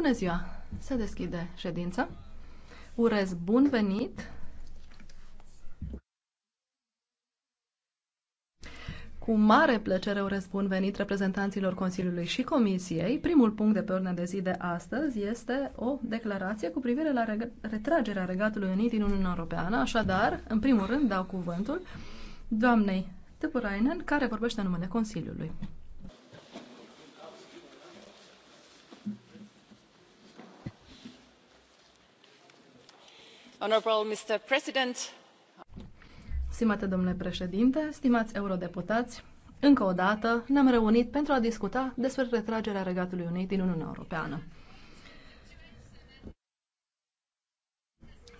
Bună ziua! Se deschide ședința. Urez bun venit Cu mare plăcere urez bun venit reprezentanților Consiliului și Comisiei. Primul punct de pe ordinea de zi de astăzi este o declarație cu privire la reg retragerea Regatului Unit din Uniunea Europeană. Așadar, în primul rând, dau cuvântul doamnei Tăpurainen, care vorbește în numele Consiliului. Stimate domnule președinte, stimați eurodeputați, încă o dată ne-am reunit pentru a discuta despre retragerea Regatului Unit din Uniunea Europeană.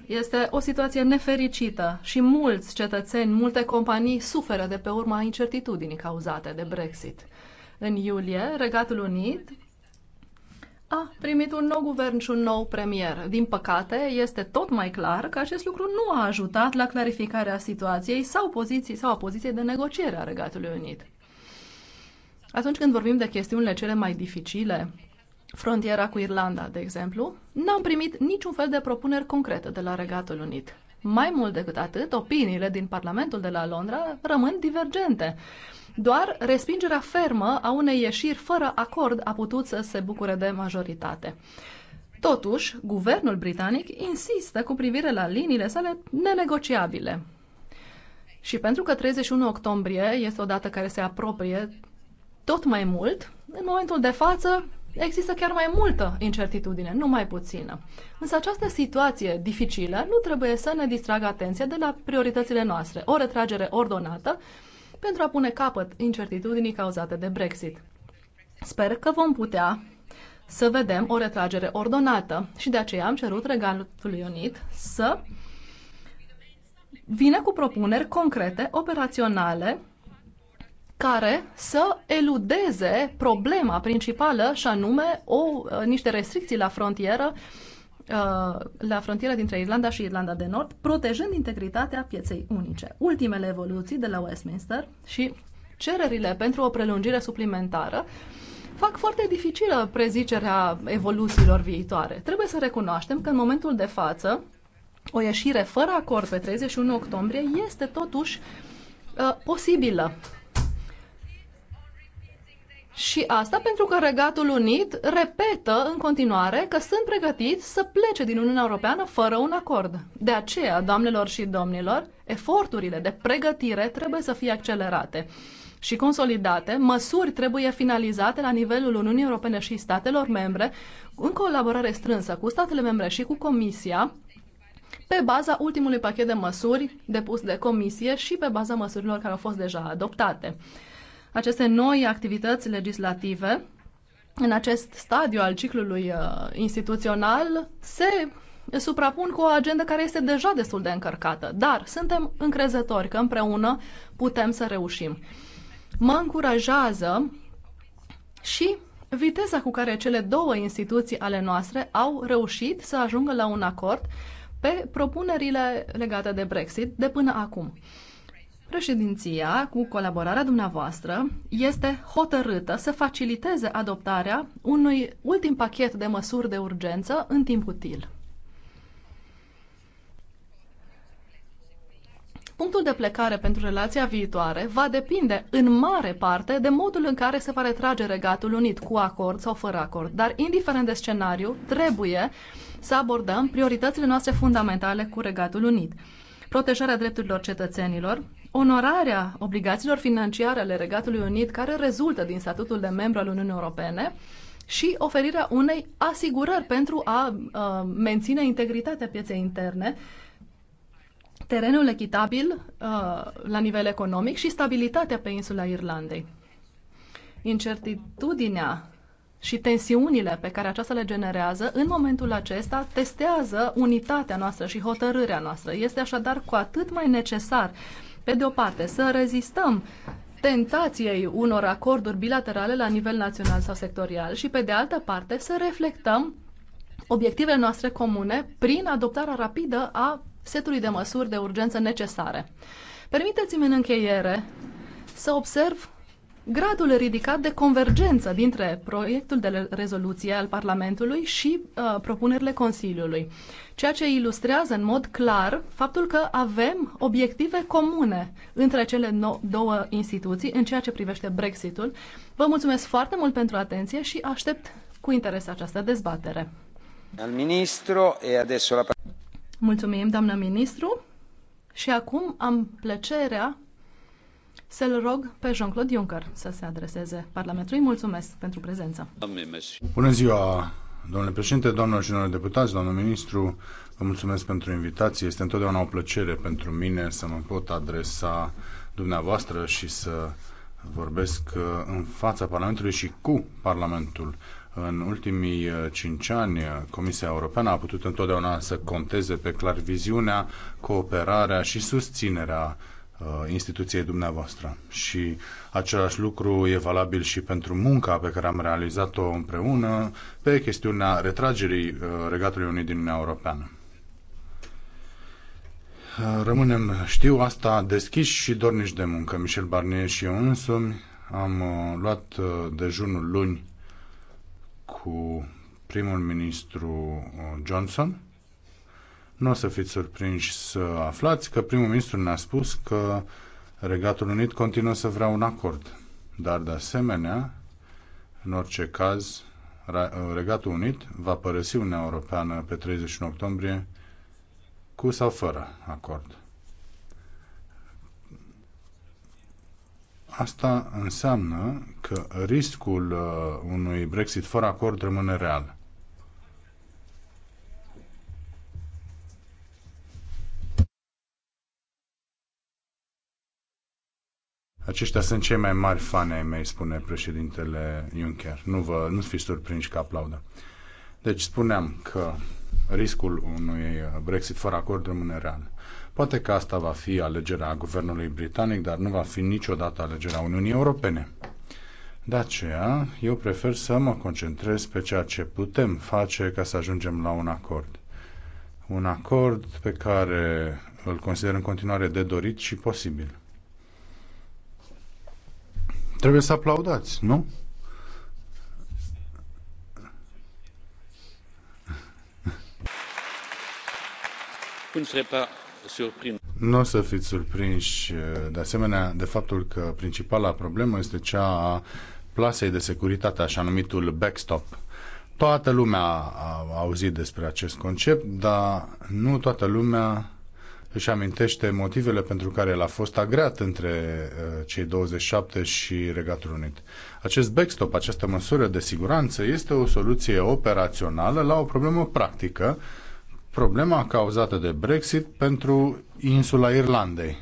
Este o situație nefericită și mulți cetățeni, multe companii suferă de pe urma incertitudinii cauzate de Brexit. În iulie, Regatul Unit a primit un nou guvern și un nou premier. Din păcate, este tot mai clar că acest lucru nu a ajutat la clarificarea situației sau poziției sau a poziției de negociere a Regatului Unit. Atunci când vorbim de chestiunile cele mai dificile, frontiera cu Irlanda, de exemplu, n-am primit niciun fel de propuneri concrete de la Regatul Unit. Mai mult decât atât, opiniile din Parlamentul de la Londra rămân divergente. Doar respingerea fermă a unei ieșiri fără acord a putut să se bucure de majoritate. Totuși, guvernul britanic insistă cu privire la liniile sale nenegociabile. Și pentru că 31 octombrie este o dată care se apropie tot mai mult, în momentul de față există chiar mai multă incertitudine, nu mai puțină. Însă această situație dificilă nu trebuie să ne distragă atenția de la prioritățile noastre, o retragere ordonată pentru a pune capăt incertitudinii cauzate de Brexit. Sper că vom putea să vedem o retragere ordonată și de aceea am cerut Regatului Unit să vină cu propuneri concrete, operaționale, care să eludeze problema principală și anume o, niște restricții la frontieră uh, Uh, la frontiera dintre Irlanda și Irlanda de Nord, protejând integritatea pieței unice. Ultimele evoluții de la Westminster și cererile pentru o prelungire suplimentară fac foarte dificilă prezicerea evoluțiilor viitoare. Trebuie să recunoaștem că în momentul de față o ieșire fără acord pe 31 octombrie este totuși uh, posibilă. Și asta pentru că Regatul Unit repetă în continuare că sunt pregătiți să plece din Uniunea Europeană fără un acord. De aceea, doamnelor și domnilor, eforturile de pregătire trebuie să fie accelerate și consolidate, măsuri trebuie finalizate la nivelul Uniunii Europene și statelor membre, în colaborare strânsă cu statele membre și cu Comisia, pe baza ultimului pachet de măsuri depus de Comisie și pe baza măsurilor care au fost deja adoptate aceste noi activități legislative, în acest stadiu al ciclului uh, instituțional, se suprapun cu o agendă care este deja destul de încărcată, dar suntem încrezători că împreună putem să reușim. Mă încurajează și viteza cu care cele două instituții ale noastre au reușit să ajungă la un acord pe propunerile legate de Brexit de până acum. Președinția, cu colaborarea dumneavoastră, este hotărâtă să faciliteze adoptarea unui ultim pachet de măsuri de urgență în timp util. Punctul de plecare pentru relația viitoare va depinde în mare parte de modul în care se va retrage Regatul Unit, cu acord sau fără acord. Dar, indiferent de scenariu, trebuie să abordăm prioritățile noastre fundamentale cu Regatul Unit. Protejarea drepturilor cetățenilor, onorarea obligațiilor financiare ale Regatului Unit care rezultă din statutul de membru al Uniunii Europene și oferirea unei asigurări pentru a uh, menține integritatea pieței interne, terenul echitabil uh, la nivel economic și stabilitatea pe insula Irlandei. Incertitudinea și tensiunile pe care aceasta le generează, în momentul acesta, testează unitatea noastră și hotărârea noastră. Este așadar cu atât mai necesar uh, pe de o parte, să rezistăm tentației unor acorduri bilaterale la nivel național sau sectorial și, pe de altă parte, să reflectăm obiectivele noastre comune prin adoptarea rapidă a setului de măsuri de urgență necesare. Permiteți-mi în încheiere să observ gradul ridicat de convergență dintre proiectul de rezoluție al Parlamentului și uh, propunerile Consiliului, ceea ce ilustrează în mod clar faptul că avem obiective comune între cele no- două instituții în ceea ce privește Brexitul. Vă mulțumesc foarte mult pentru atenție și aștept cu interes această dezbatere. Al ministru e adesso la... Mulțumim, doamnă ministru. Și acum am plăcerea să-l rog pe Jean-Claude Juncker să se adreseze Parlamentului. Mulțumesc pentru prezență. Bună ziua, domnule președinte, doamnelor și domnilor deputați, domnul ministru, vă mulțumesc pentru invitație. Este întotdeauna o plăcere pentru mine să mă pot adresa dumneavoastră și să vorbesc uh, în fața Parlamentului și cu Parlamentul. În ultimii uh, cinci ani, uh, Comisia Europeană a putut întotdeauna să conteze pe clar viziunea, cooperarea și susținerea Uh, instituției dumneavoastră. Și același lucru e valabil și pentru munca pe care am realizat-o împreună pe chestiunea retragerii uh, Regatului Unit din Uniunea Europeană. Uh, rămânem, știu asta, deschiși și dornici de muncă. Michel Barnier și eu însumi am luat dejunul luni cu primul ministru Johnson nu o să fiți surprinși să aflați că primul ministru ne-a spus că Regatul Unit continuă să vrea un acord. Dar, de asemenea, în orice caz, Regatul Unit va părăsi Uniunea Europeană pe 31 octombrie cu sau fără acord. Asta înseamnă că riscul uh, unui Brexit fără acord rămâne real. Aceștia sunt cei mai mari fani ai mei, spune președintele Juncker. Nu, vă, nu fiți surprinși că aplaudă. Deci spuneam că riscul unui Brexit fără acord rămâne real. Poate că asta va fi alegerea guvernului britanic, dar nu va fi niciodată alegerea Uniunii Europene. De aceea, eu prefer să mă concentrez pe ceea ce putem face ca să ajungem la un acord. Un acord pe care îl consider în continuare de dorit și posibil. Trebuie să aplaudați, nu? Nu o să fiți surprinși de asemenea de faptul că principala problemă este cea a plasei de securitate, așa numitul backstop. Toată lumea a auzit despre acest concept, dar nu toată lumea își amintește motivele pentru care el a fost agreat între uh, cei 27 și Regatul Unit. Acest backstop, această măsură de siguranță, este o soluție operațională la o problemă practică, problema cauzată de Brexit pentru insula Irlandei.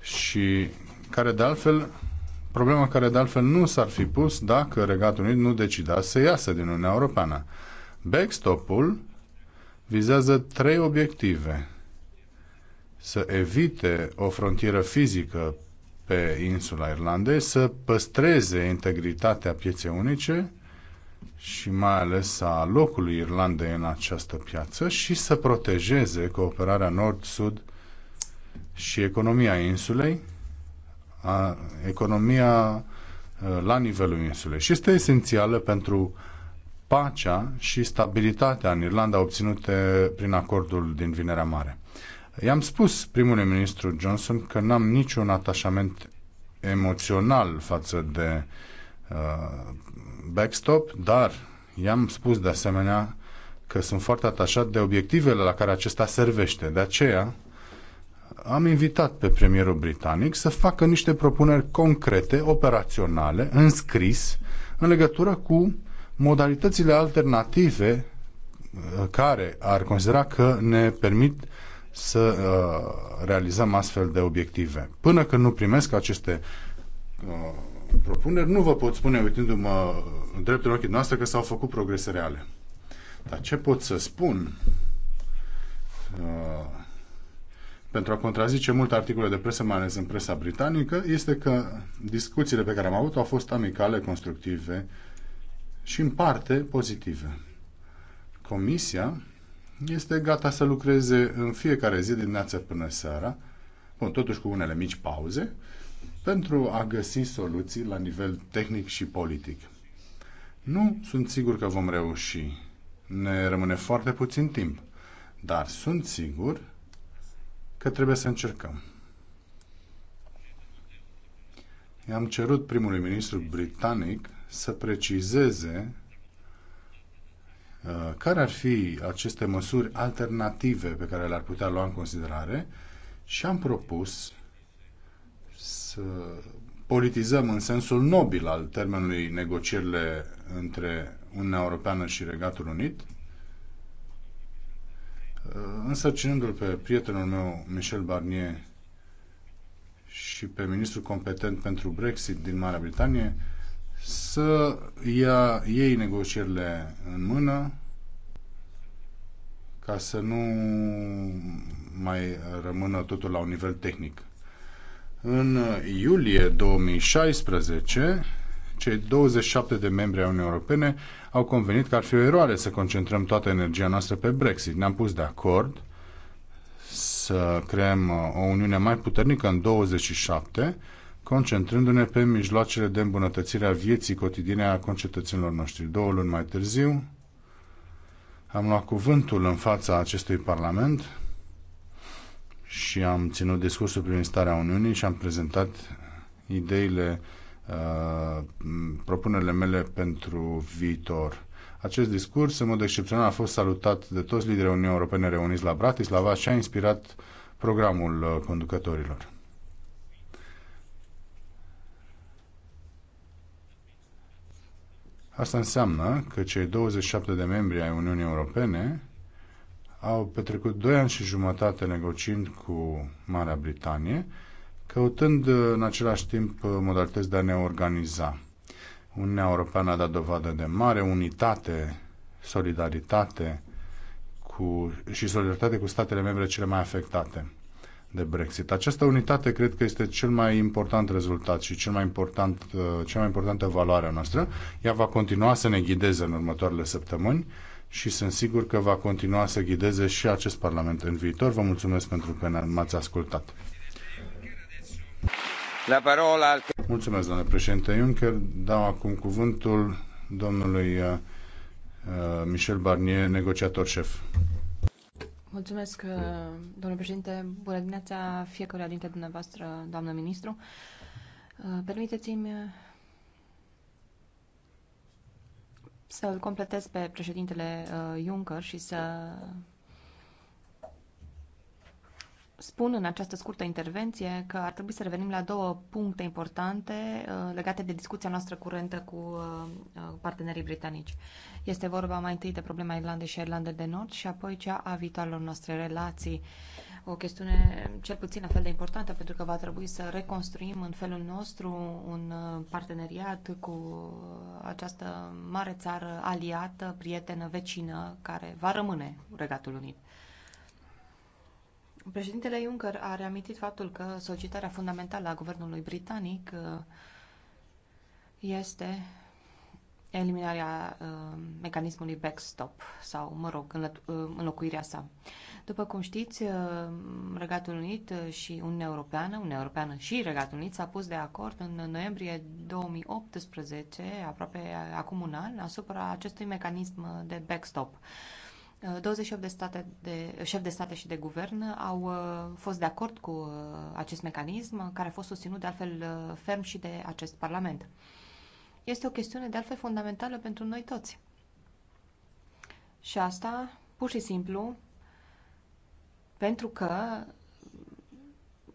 Și care de altfel problema care de altfel nu s-ar fi pus dacă Regatul Unit nu decida să iasă din Uniunea Europeană. Backstop-ul vizează trei obiective să evite o frontieră fizică pe insula Irlandei, să păstreze integritatea pieței unice și mai ales a locului Irlandei în această piață și să protejeze cooperarea nord-sud și economia insulei, a, economia a, ă, la nivelul insulei. Și este esențială pentru pacea și stabilitatea în Irlanda obținute prin acordul din Vinerea Mare. I-am spus primului ministru Johnson că n-am niciun atașament emoțional față de uh, backstop, dar i-am spus de asemenea că sunt foarte atașat de obiectivele la care acesta servește. De aceea am invitat pe premierul britanic să facă niște propuneri concrete, operaționale, în scris, în legătură cu modalitățile alternative uh, care ar considera că ne permit uh, să uh, realizăm astfel de obiective. Până când nu primesc aceste uh, propuneri, nu vă pot spune, uitându-mă în dreptul ochii noastre, că s-au făcut progrese reale. Dar ce pot să spun? Uh, pentru a contrazice multe articole de presă, mai ales în presa britanică, este că discuțiile pe care am avut au fost amicale, constructive și în parte pozitive. Comisia este gata să lucreze în fiecare zi, dimineață până seara, bun, totuși cu unele mici pauze, pentru a găsi soluții la nivel tehnic și politic. Nu sunt sigur că vom reuși. Ne rămâne foarte puțin timp, dar sunt sigur că trebuie să încercăm. I-am cerut primului ministru britanic să precizeze Uh, care ar fi aceste măsuri alternative pe care le-ar putea lua în considerare și am propus să politizăm în sensul nobil al termenului negocierile între Uniunea Europeană și Regatul Unit, uh, însărcinându-l pe prietenul meu, Michel Barnier, și pe ministrul competent pentru Brexit din Marea Britanie, să ia ei negocierile în mână ca să nu mai rămână totul la un nivel tehnic. În iulie 2016, cei 27 de membri ai Uniunii Europene au convenit că ar fi o eroare să concentrăm toată energia noastră pe Brexit. Ne-am pus de acord să creăm o Uniune mai puternică în 27 concentrându-ne pe mijloacele de îmbunătățire a vieții cotidiene a concetățenilor noștri. Două luni mai târziu am luat cuvântul în fața acestui Parlament și am ținut discursul prin starea Uniunii și am prezentat ideile, uh, propunerile mele pentru viitor. Acest discurs, în mod excepțional, a fost salutat de toți liderii Uniunii Europene reuniți la Bratislava și a inspirat programul uh, conducătorilor. Asta înseamnă că cei 27 de membri ai Uniunii Europene au petrecut 2 ani și jumătate negociind cu Marea Britanie, căutând în același timp modalități de a ne organiza. Uniunea Europeană a dat dovadă de mare unitate, solidaritate cu, și solidaritate cu statele membre cele mai afectate de Brexit. Această unitate cred că este cel mai important rezultat și cel mai important, uh, cea mai importantă valoare a noastră. Ea va continua să ne ghideze în următoarele săptămâni și sunt sigur că va continua să ghideze și acest Parlament în viitor. Vă mulțumesc pentru că m-ați ascultat. La parola Mulțumesc, domnule președinte Juncker. Dau acum cuvântul domnului uh, uh, Michel Barnier, negociator șef. Mulțumesc, uh, domnule președinte. Bună dimineața fiecăruia dintre dumneavoastră, doamnă ministru. Uh, permiteți-mi uh, să l completez pe președintele Juncker și să spun în această scurtă intervenție că ar trebui să revenim la două puncte importante uh, legate de discuția noastră curentă cu uh, uh, partenerii britanici. Este vorba mai întâi de problema Irlandei și Irlandei de Nord și apoi cea a viitoarelor noastre relații. O chestiune cel puțin la fel de importantă pentru că va trebui să reconstruim în felul nostru un parteneriat cu această mare țară aliată, prietenă, vecină, care va rămâne Regatul Unit. Președintele Juncker a reamintit faptul că solicitarea fundamentală a guvernului britanic uh, este eliminarea uh, mecanismului backstop sau, mă rog, uh, înlocuirea sa. După cum știți, Regatul Unit și Uniunea Europeană, Uniunea Europeană și Regatul Unit s-a pus de acord în noiembrie 2018, aproape acum un an, asupra acestui mecanism de backstop. 28 uh, de state de, șef de state și de guvern au uh, fost de acord cu uh, acest mecanism, care a fost susținut de altfel ferm și de acest Parlament. Este o chestiune de altfel fundamentală pentru noi toți. Și asta, pur și simplu, pentru că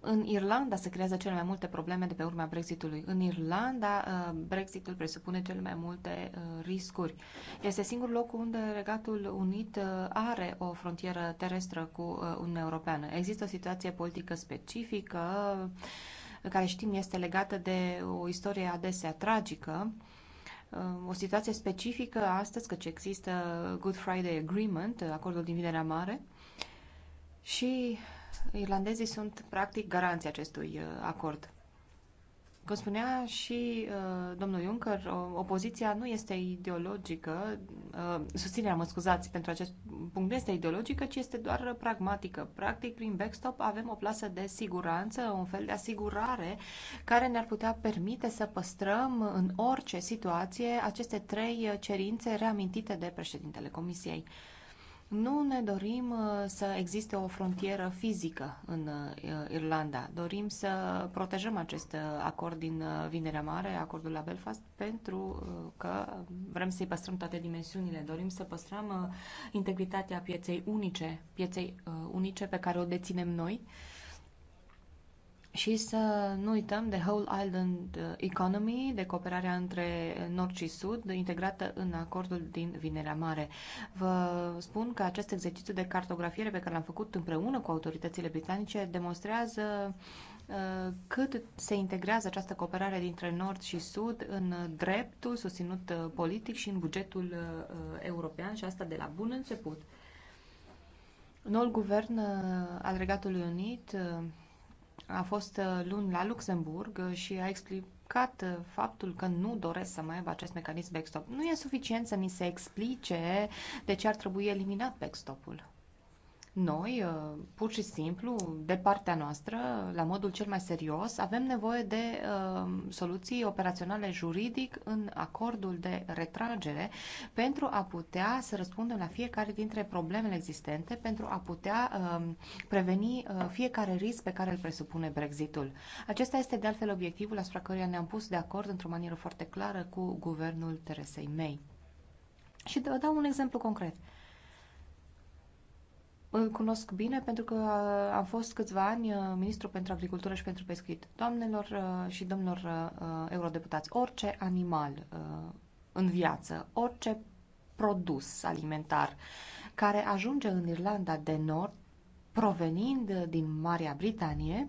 în Irlanda se creează cele mai multe probleme de pe urma Brexitului. În Irlanda, uh, Brexitul presupune cele mai multe uh, riscuri. Este singurul loc unde Regatul Unit uh, are o frontieră terestră cu Uniunea Europeană. Există o situație politică specifică, care știm este legată de o istorie adesea tragică o situație specifică astăzi, căci există Good Friday Agreement, acordul din Vinerea Mare, și irlandezii sunt practic garanții acestui uh, acord. Cum spunea și uh, domnul Juncker, opoziția nu este ideologică, uh, susținerea, mă scuzați, pentru acest punct nu este ideologică, ci este doar pragmatică. Practic, prin backstop avem o plasă de siguranță, un fel de asigurare care ne-ar putea permite să păstrăm în orice situație aceste trei uh, cerințe reamintite de președintele Comisiei. Uh, nu ne dorim uh, să existe o frontieră fizică în uh, Irlanda. Dorim să protejăm acest uh, acord din Vinerea Mare, acordul la Belfast, pentru că vrem să-i păstrăm toate dimensiunile. Dorim să păstrăm integritatea pieței unice, pieței unice pe care o deținem noi și să nu uităm de Whole Island uh, Economy, de cooperarea între uh, Nord și Sud, integrată în acordul din Vinerea Mare. Vă spun că acest exercițiu de cartografiere pe care l-am făcut împreună cu autoritățile britanice demonstrează uh, cât se integrează această cooperare dintre Nord și Sud în dreptul susținut politic și în bugetul european și asta de la bun început. Noul guvern al Regatului Unit a fost uh, luni la Luxemburg uh, și a explicat uh, faptul că nu doresc să mai aibă acest mecanism backstop. Nu e suficient să ni se explice de ce ar trebui eliminat backstop-ul. Noi, uh, pur și simplu, de partea noastră, la modul cel mai serios, avem nevoie de uh, soluții operaționale juridic în acordul de retragere pentru a putea să răspundem la fiecare dintre problemele existente, pentru a putea uh, preveni uh, fiecare risc pe care îl presupune Brexitul. Acesta este de altfel obiectivul asupra căruia ne-am pus de acord într-o manieră foarte clară cu guvernul Teresei May. Și vă dau un exemplu concret. Uh, îl cunosc bine pentru că am fost câțiva ani uh, ministru pentru agricultură și pentru pescuit. Doamnelor uh, și domnilor uh, eurodeputați, orice animal în viață, orice produs alimentar care ajunge în Irlanda de Nord, provenind din Marea Britanie,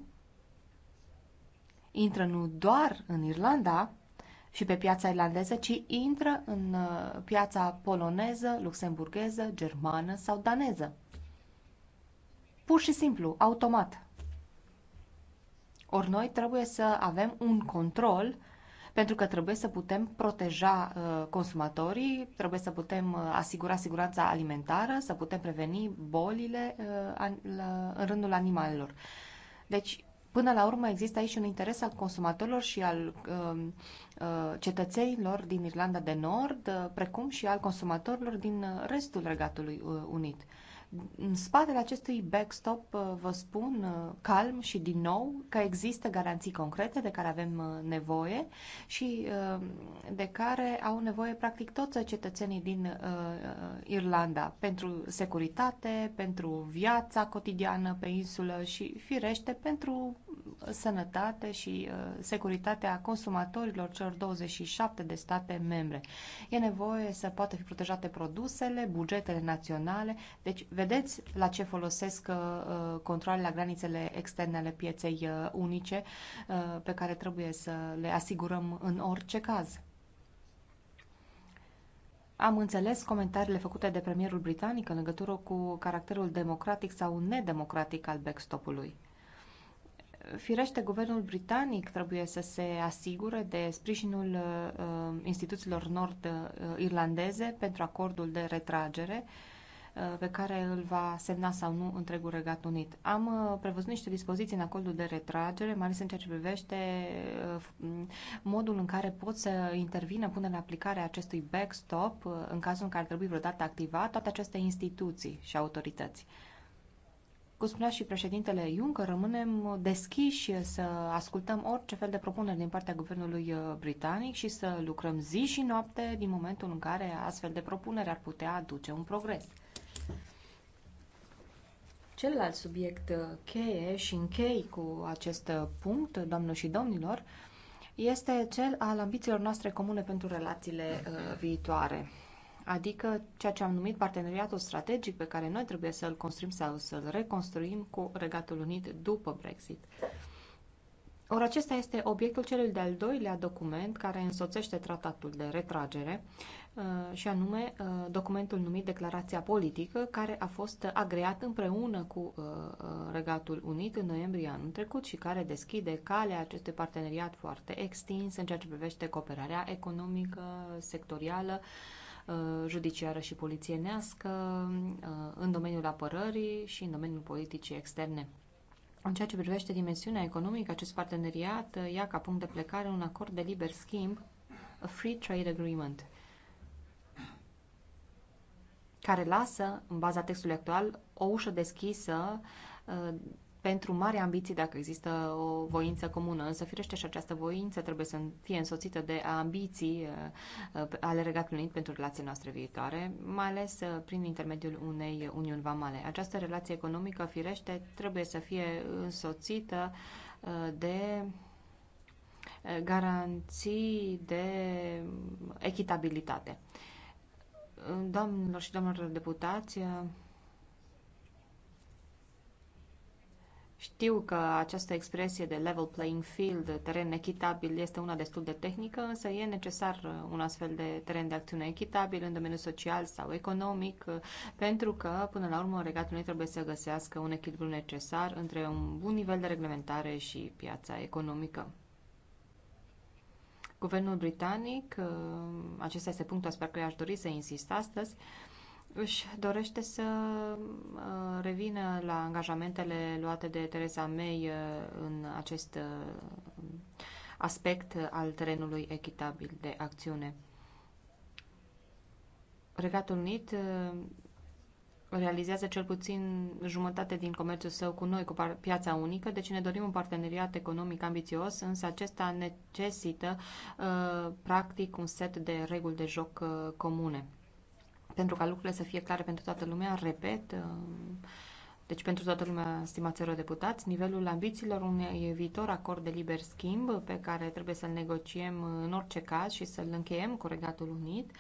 intră nu doar în Irlanda și pe piața irlandeză, ci intră în piața poloneză, luxemburgheză, germană sau daneză pur și simplu, automat. Ori noi trebuie să avem un control pentru că trebuie să putem proteja uh, consumatorii, trebuie să putem uh, asigura siguranța alimentară, să putem preveni bolile uh, în rândul animalelor. Deci, până la urmă, există aici un interes al consumatorilor și al um, cetățenilor din Irlanda de Nord, precum și al consumatorilor din restul Regatului Unit. În spatele acestui backstop, uh, vă spun uh, calm și din nou că există garanții concrete de care avem uh, nevoie și de care au nevoie practic toți cetățenii din Irlanda pentru securitate, pentru viața cotidiană pe insulă și, firește, pentru sănătate și securitatea consumatorilor celor 27 de state membre. E nevoie să poată fi protejate produsele, bugetele naționale, deci Vedeți la ce folosesc uh, controlele la granițele externe ale pieței uh, unice uh, pe care trebuie să le asigurăm în orice caz. Am înțeles comentariile făcute de premierul britanic în legătură cu caracterul democratic sau nedemocratic al backstop-ului. Firește, guvernul britanic trebuie să se asigure de sprijinul uh, instituțiilor nord-irlandeze pentru acordul de retragere uh, Uh, pe care îl va semna sau nu întregul Regat Unit. Am uh, prevăzut niște dispoziții în acordul de retragere, mai ales în ceea ce privește uh, modul în care pot să intervină până la aplicarea acestui backstop în cazul în care trebuie vreodată activat toate aceste instituții și autorități. Cum spunea și președintele Juncker, rămânem deschiși să ascultăm orice fel de propuneri din partea guvernului britanic și să lucrăm zi și noapte din momentul în care astfel de propuneri ar putea aduce un progres. Celălalt subiect uh, cheie și închei cu acest uh, punct, doamnelor și domnilor, este cel al ambițiilor noastre comune pentru relațiile uh, viitoare. Adică ceea ce am numit parteneriatul strategic pe care noi trebuie să-l construim sau să-l reconstruim cu Regatul Unit după Brexit. Uh, ori acesta este obiectul celui de-al doilea document care însoțește tratatul de retragere, uh, și anume uh, documentul numit Declarația Politică, care a fost agreat împreună cu uh, Regatul Unit în noiembrie anul trecut și care deschide calea acestui parteneriat foarte extins în ceea ce privește cooperarea economică, sectorială, judiciară și polițienească, în domeniul apărării și în domeniul politicii externe. În ceea ce privește dimensiunea economică, acest parteneriat uh, ia ca punct de plecare un acord de liber schimb, a Free Trade Agreement, care lasă, în baza textului actual, o ușă deschisă uh, pentru mari ambiții dacă există o voință comună. Însă, firește și această voință trebuie să fie însoțită de ambiții uh, uh, ale Regatului Unit pentru relații noastre viitoare, mai ales uh, prin intermediul unei uniuni vamale. Această relație economică, firește, trebuie să fie însoțită de garanții de echitabilitate. Doamnelor și domnilor deputați, Știu că această expresie de level playing field, teren echitabil, este una destul de tehnică, însă e necesar uh, un astfel de teren de acțiune echitabil în domeniul social sau economic, uh, pentru că, până la urmă, Regatul Unit trebuie să găsească un echilibru necesar între un bun nivel de reglementare și piața economică. Guvernul britanic, uh, acesta este punctul asupra care aș dori să insist astăzi, își dorește să uh, revină la angajamentele luate de Theresa May uh, în acest uh, aspect al terenului echitabil de acțiune. Regatul Unit realizează cel puțin jumătate din comerțul său cu noi, cu piața unică, deci ne dorim un parteneriat economic ambițios, însă acesta necesită practic un set de reguli de joc comune pentru ca lucrurile să fie clare pentru toată lumea, repet, uh, deci pentru toată lumea, stimați deputați, nivelul ambițiilor unui viitor acord de liber schimb pe care trebuie să-l negociem în orice caz și să-l încheiem cu Regatul Unit.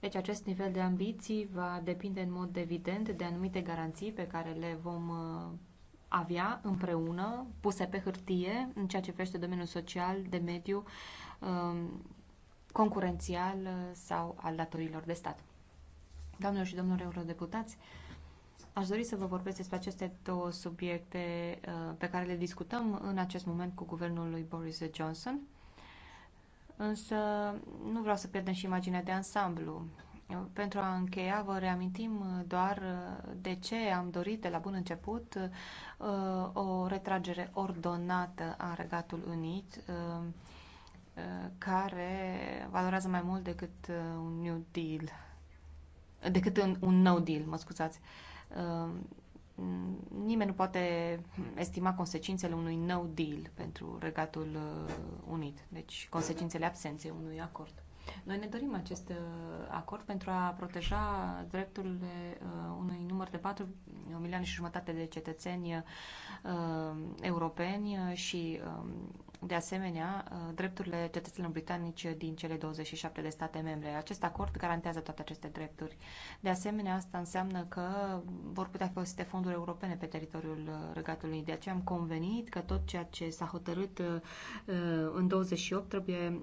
Deci acest nivel de ambiții va depinde în mod evident de anumite garanții pe care le vom uh, avea împreună, puse pe hârtie, în ceea ce privește domeniul social, de mediu, uh, concurențial sau al datorilor de stat. Doamnelor și domnilor eurodeputați, aș dori să vă vorbesc despre aceste două subiecte uh, pe care le discutăm în acest moment cu guvernul lui Boris Johnson, însă nu vreau să pierdem și imaginea de ansamblu. Pentru a încheia, vă reamintim uh, doar uh, de ce am dorit de la bun început o retragere ordonată a Regatul Unit, care valorează mai mult decât un New Deal decât un, un no deal, mă scuzați. Ehm, nimeni nu poate estima consecințele unui no deal pentru Regatul eh, Unit, deci consecințele absenței unui acord. Noi ne dorim acest eh, acord pentru a proteja drepturile eh, unui număr de 4 milioane și jumătate de cetățeni europeni și ehm, de asemenea, uh, drepturile cetățenilor britanici din cele 27 de state membre. Acest acord garantează toate aceste drepturi. De asemenea, asta înseamnă că vor putea fi folosite fonduri europene pe teritoriul uh, Regatului. De aceea am convenit că tot ceea ce s-a hotărât uh, în 28 trebuie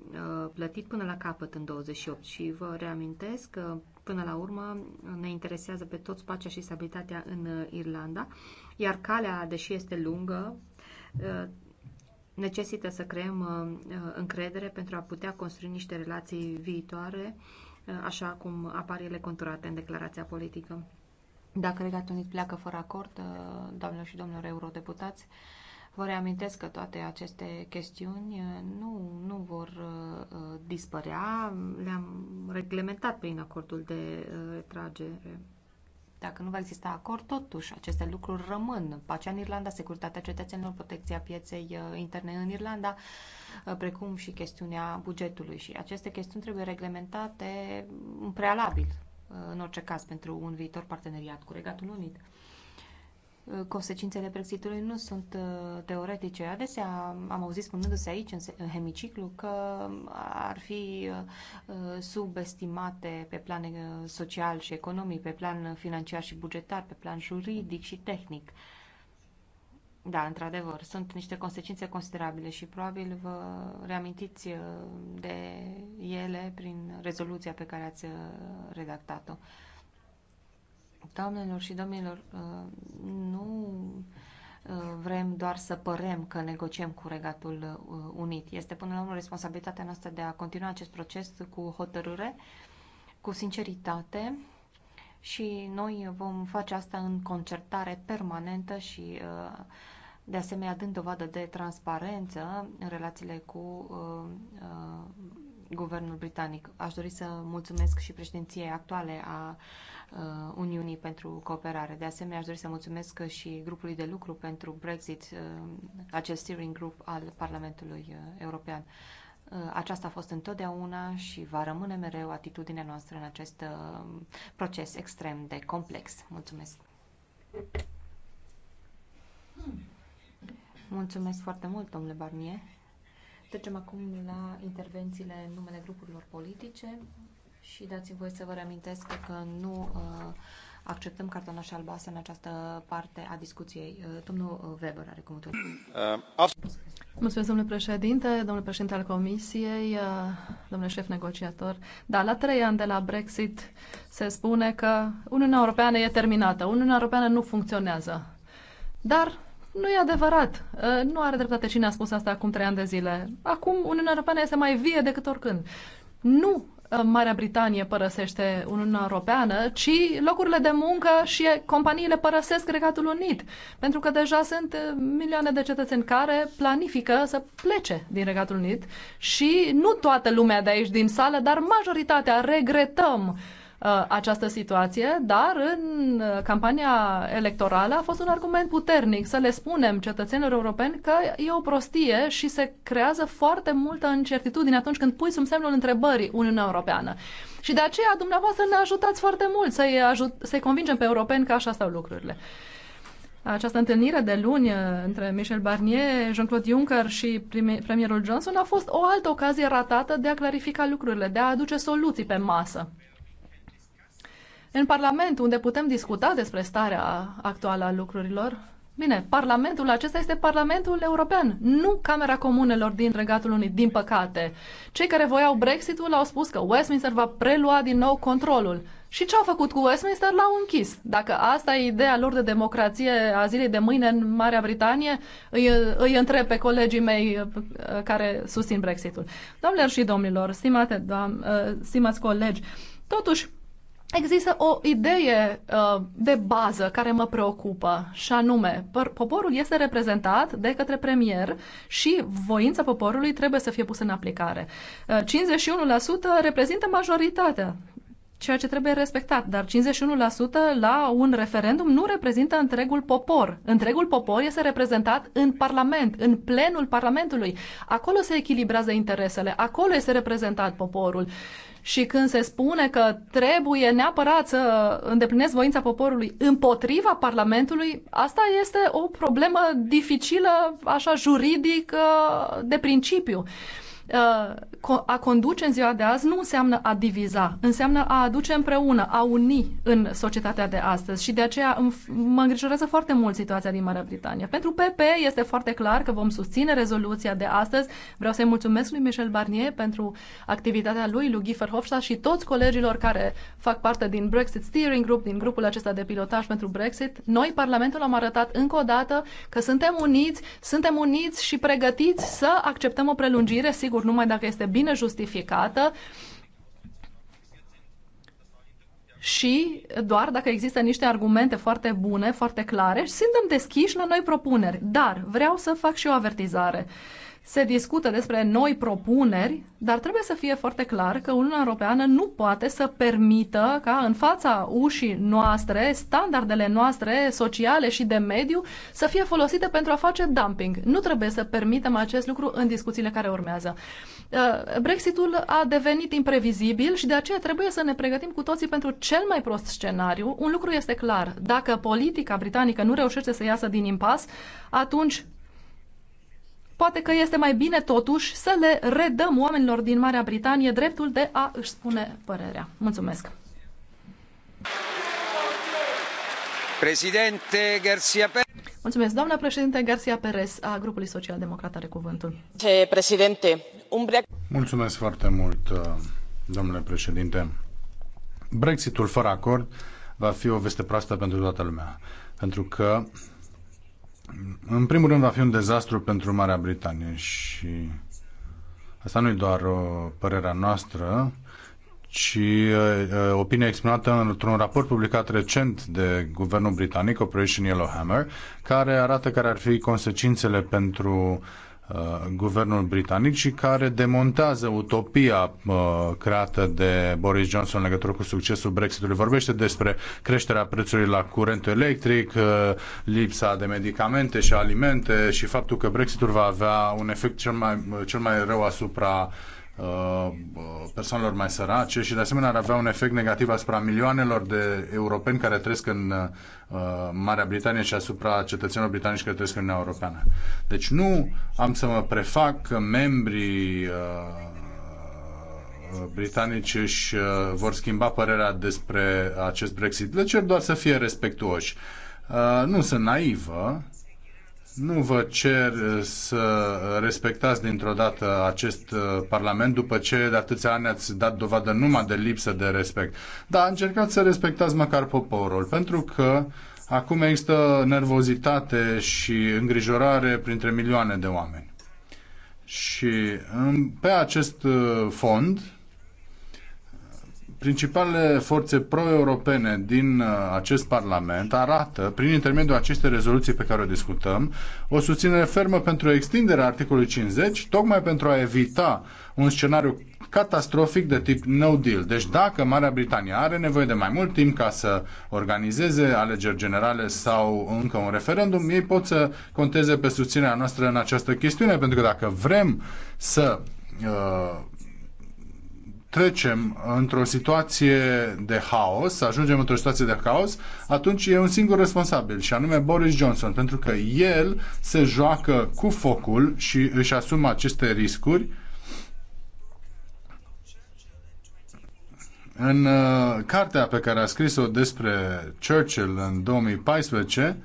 plătit până la capăt în 28. Și vă reamintesc că până la urmă ne interesează pe toți pacea și stabilitatea în Irlanda, iar calea, deși este lungă, necesită să creăm uh, uh, încredere pentru a putea construi niște relații viitoare, uh, așa cum apar ele conturate în declarația politică. Dacă Regatul Unit pleacă fără acord, doamnelor și domnilor eurodeputați, Vă reamintesc că toate aceste chestiuni nu, nu vor dispărea. Le-am reglementat prin acordul de retragere dacă nu va exista acord, totuși aceste lucruri rămân. Pacea în Irlanda, securitatea cetățenilor, protecția pieței uh, interne în Irlanda, uh, precum și chestiunea bugetului. Și aceste chestiuni trebuie reglementate în prealabil, uh, în orice caz, pentru un viitor parteneriat cu Regatul Unit consecințele Brexitului nu sunt uh, teoretice. Adesea am auzit spunându-se aici, în hemiciclu, că ar fi uh, subestimate pe plan uh, social și economic, pe plan financiar și bugetar, pe plan juridic și tehnic. Da, într-adevăr, sunt niște consecințe considerabile și probabil vă reamintiți de ele prin rezoluția pe care ați redactat-o. Doamnelor și domnilor, uh, nu uh, vrem doar să părem că negociem cu Regatul uh, Unit. Este până la urmă responsabilitatea noastră de a continua acest proces cu hotărâre, cu sinceritate și noi vom face asta în concertare permanentă și de asemenea dând dovadă de transparență în relațiile cu guvernul britanic. Aș dori să mulțumesc și președinției actuale a uh, Uniunii pentru cooperare. De asemenea, aș dori să mulțumesc și grupului de lucru pentru Brexit, uh, acest steering group al Parlamentului uh, European. Aceasta a fost întotdeauna și va rămâne mereu atitudinea noastră în acest proces extrem de complex. Mulțumesc! Mulțumesc foarte mult, domnule Barnier. Trecem acum la intervențiile în numele grupurilor politice și dați-mi voie să vă reamintesc că nu uh, acceptăm cartonașe albastră în această parte a discuției. Uh, domnul Weber are cuvântul. Uh, Mulțumesc, domnule președinte, domnule președinte al Comisiei, domnule șef negociator. Da, la trei ani de la Brexit se spune că Uniunea Europeană e terminată, Uniunea Europeană nu funcționează. Dar nu e adevărat. Uh, nu are dreptate cine a spus asta acum trei ani de zile. Acum Uniunea Europeană este mai vie decât oricând. Nu uh, Marea Britanie părăsește Uniunea Europeană, ci locurile de muncă și companiile părăsesc Regatul Unit, pentru că deja sunt uh, milioane de cetățeni care planifică să plece din Regatul Unit și nu toată lumea de aici din sală, dar majoritatea regretăm uh, Uh, această situație, dar în uh, campania electorală a fost un argument puternic să le spunem cetățenilor europeni că e o prostie și se creează foarte multă incertitudine atunci când pui sub semnul întrebării Uniunea Europeană. Și de aceea dumneavoastră ne ajutați foarte mult să-i, ajut, să-i convingem pe europeni că așa stau lucrurile. Această întâlnire de luni uh, între Michel Barnier, Jean-Claude Juncker și premierul Johnson a fost o altă ocazie ratată de a clarifica lucrurile, de a aduce soluții pe masă în Parlament, unde putem discuta despre starea actuală a lucrurilor, bine, Parlamentul acesta este Parlamentul European, nu Camera Comunelor din Regatul Unit, din păcate. Cei care voiau Brexitul au spus că Westminster va prelua din nou controlul. Și ce au făcut cu Westminster? L-au închis. Dacă asta e ideea lor de democrație a zilei de mâine în Marea Britanie, îi, îi întreb pe colegii mei uh, care susțin Brexitul. Domnilor și domnilor, stimate, doam, uh, stimați colegi, totuși există o idee uh, de bază care mă preocupă, și anume, poporul este reprezentat de către premier și voința poporului trebuie să fie pusă în aplicare. Uh, 51% reprezintă majoritatea ceea ce trebuie respectat, dar 51% la un referendum nu reprezintă întregul popor. Întregul popor este reprezentat în Parlament, în plenul Parlamentului. Acolo se echilibrează interesele, acolo este reprezentat poporul. Și când se spune că trebuie neapărat să îndeplinesc voința poporului împotriva Parlamentului, asta este o problemă dificilă, așa juridic, de principiu. Uh, a conduce în ziua de azi nu înseamnă a diviza, înseamnă a aduce împreună, a uni în societatea de astăzi și de aceea mă îngrijorează foarte mult situația din Marea Britanie. Pentru PP este foarte clar că vom susține rezoluția de astăzi. Vreau să-i mulțumesc lui Michel Barnier pentru activitatea lui, lui Guy Verhofstadt și toți colegilor care fac parte din Brexit Steering Group, din grupul acesta de pilotaj pentru Brexit. Noi, Parlamentul, am arătat încă o dată că suntem uniți, suntem uniți și pregătiți să acceptăm o prelungire, sigur, sigur numai dacă este bine justificată și doar dacă există niște argumente foarte bune, foarte clare și suntem deschiși la noi propuneri. Dar vreau să fac și o avertizare. Uh, se discută despre noi propuneri, dar trebuie să fie foarte clar că Uniunea Europeană nu poate să permită ca în fața ușii noastre, standardele noastre sociale și de mediu să fie folosite pentru a face dumping. Nu trebuie să permitem acest lucru în discuțiile care urmează. Uh, Brexitul a devenit imprevizibil și de aceea trebuie să ne pregătim cu toții pentru cel mai prost scenariu. Un lucru este clar, dacă politica britanică nu reușește să iasă din impas, atunci Poate că este mai bine totuși să le redăm oamenilor din Marea Britanie dreptul de a își spune părerea. Mulțumesc! Președinte Garcia Perez. Mulțumesc, doamna președinte Garcia Perez a grupului social-democrat are cuvântul. Președinte, umbre... Mulțumesc foarte mult, uh, domnule președinte. Brexitul fără acord va fi o veste proastă pentru toată lumea, pentru că în primul rând va fi un dezastru pentru Marea Britanie și asta nu e doar o uh, părerea noastră, ci uh, uh, opinia exprimată într-un raport publicat recent de guvernul britanic, Operation Yellowhammer, care arată care ar fi consecințele pentru Uh, guvernul britanic și care demontează utopia uh, creată de Boris Johnson în legătură cu succesul Brexitului. Vorbește despre creșterea prețului la curentul electric, uh, lipsa de medicamente și alimente și faptul că Brexitul va avea un efect cel mai, cel mai rău asupra uh, Uh, persoanelor mai sărace și de asemenea ar avea un efect negativ asupra milioanelor de europeni care trăiesc în uh, Marea Britanie și asupra cetățenilor britanici care trăiesc în Uniunea Europeană. Deci nu am să mă prefac că membrii uh, britanici își vor schimba părerea despre acest Brexit. Le cer doar să fie respectuoși. Nu sunt naivă, nu vă cer uh, să respectați dintr-o dată acest uh, Parlament după ce de atâția ani ați dat dovadă numai de lipsă de respect. Dar încercați să respectați măcar poporul, pentru că acum există nervozitate și îngrijorare printre milioane de oameni. Și pe acest uh, fond, principalele forțe pro-europene din uh, acest Parlament arată, prin intermediul acestei rezoluții pe care o discutăm, o susținere fermă pentru extinderea articolului 50, tocmai pentru a evita un scenariu catastrofic de tip no deal. Deci dacă Marea Britanie are nevoie de mai mult timp ca să organizeze alegeri generale sau încă un referendum, ei pot să conteze pe susținerea noastră în această chestiune, pentru că dacă vrem să uh, trecem într-o situație de haos, ajungem într-o situație de haos, atunci e un singur responsabil și anume Boris Johnson, pentru că el se joacă cu focul și își asumă aceste riscuri În uh, cartea pe care a scris-o despre Churchill în 2014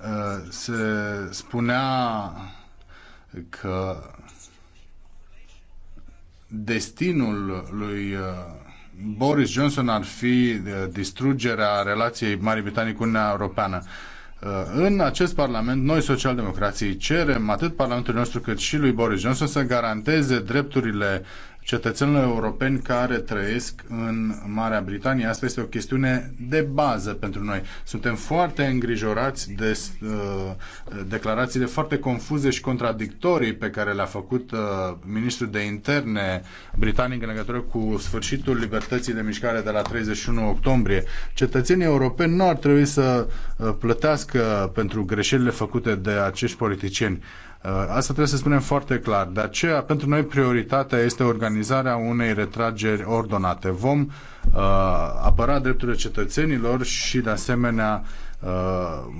uh, se spunea că destinul lui uh, Boris Johnson ar fi uh, distrugerea relației Marii Britanii cu Uniunea Europeană. Uh, în acest Parlament, noi socialdemocrații cerem atât Parlamentul nostru cât și lui Boris Johnson să garanteze drepturile cetățenilor europeni care trăiesc în Marea Britanie. Asta este o chestiune de bază pentru noi. Suntem foarte îngrijorați de uh, declarațiile foarte confuze și contradictorii pe care le-a făcut uh, ministrul de interne britanic în legătură cu sfârșitul libertății de mișcare de la 31 octombrie. Cetățenii europeni nu ar trebui să uh, plătească pentru greșelile făcute de acești politicieni. Uh, Uh, asta trebuie să spunem foarte clar. De aceea, pentru noi, prioritatea este organizarea unei retrageri ordonate. Vom uh, apăra drepturile cetățenilor și, de asemenea, uh,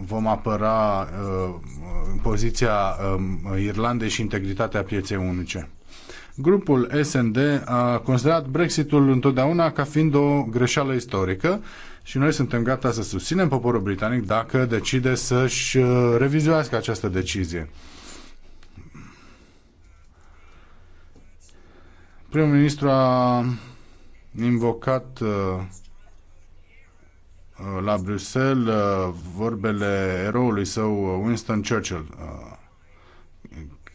vom apăra uh, poziția uh, Irlandei și integritatea pieței unice. Grupul SND a considerat Brexitul întotdeauna ca fiind o greșeală istorică și noi suntem gata să susținem poporul britanic dacă decide să-și uh, revizuiască această decizie. Primul ministru a invocat uh, uh, la Bruxelles uh, vorbele eroului său Winston Churchill,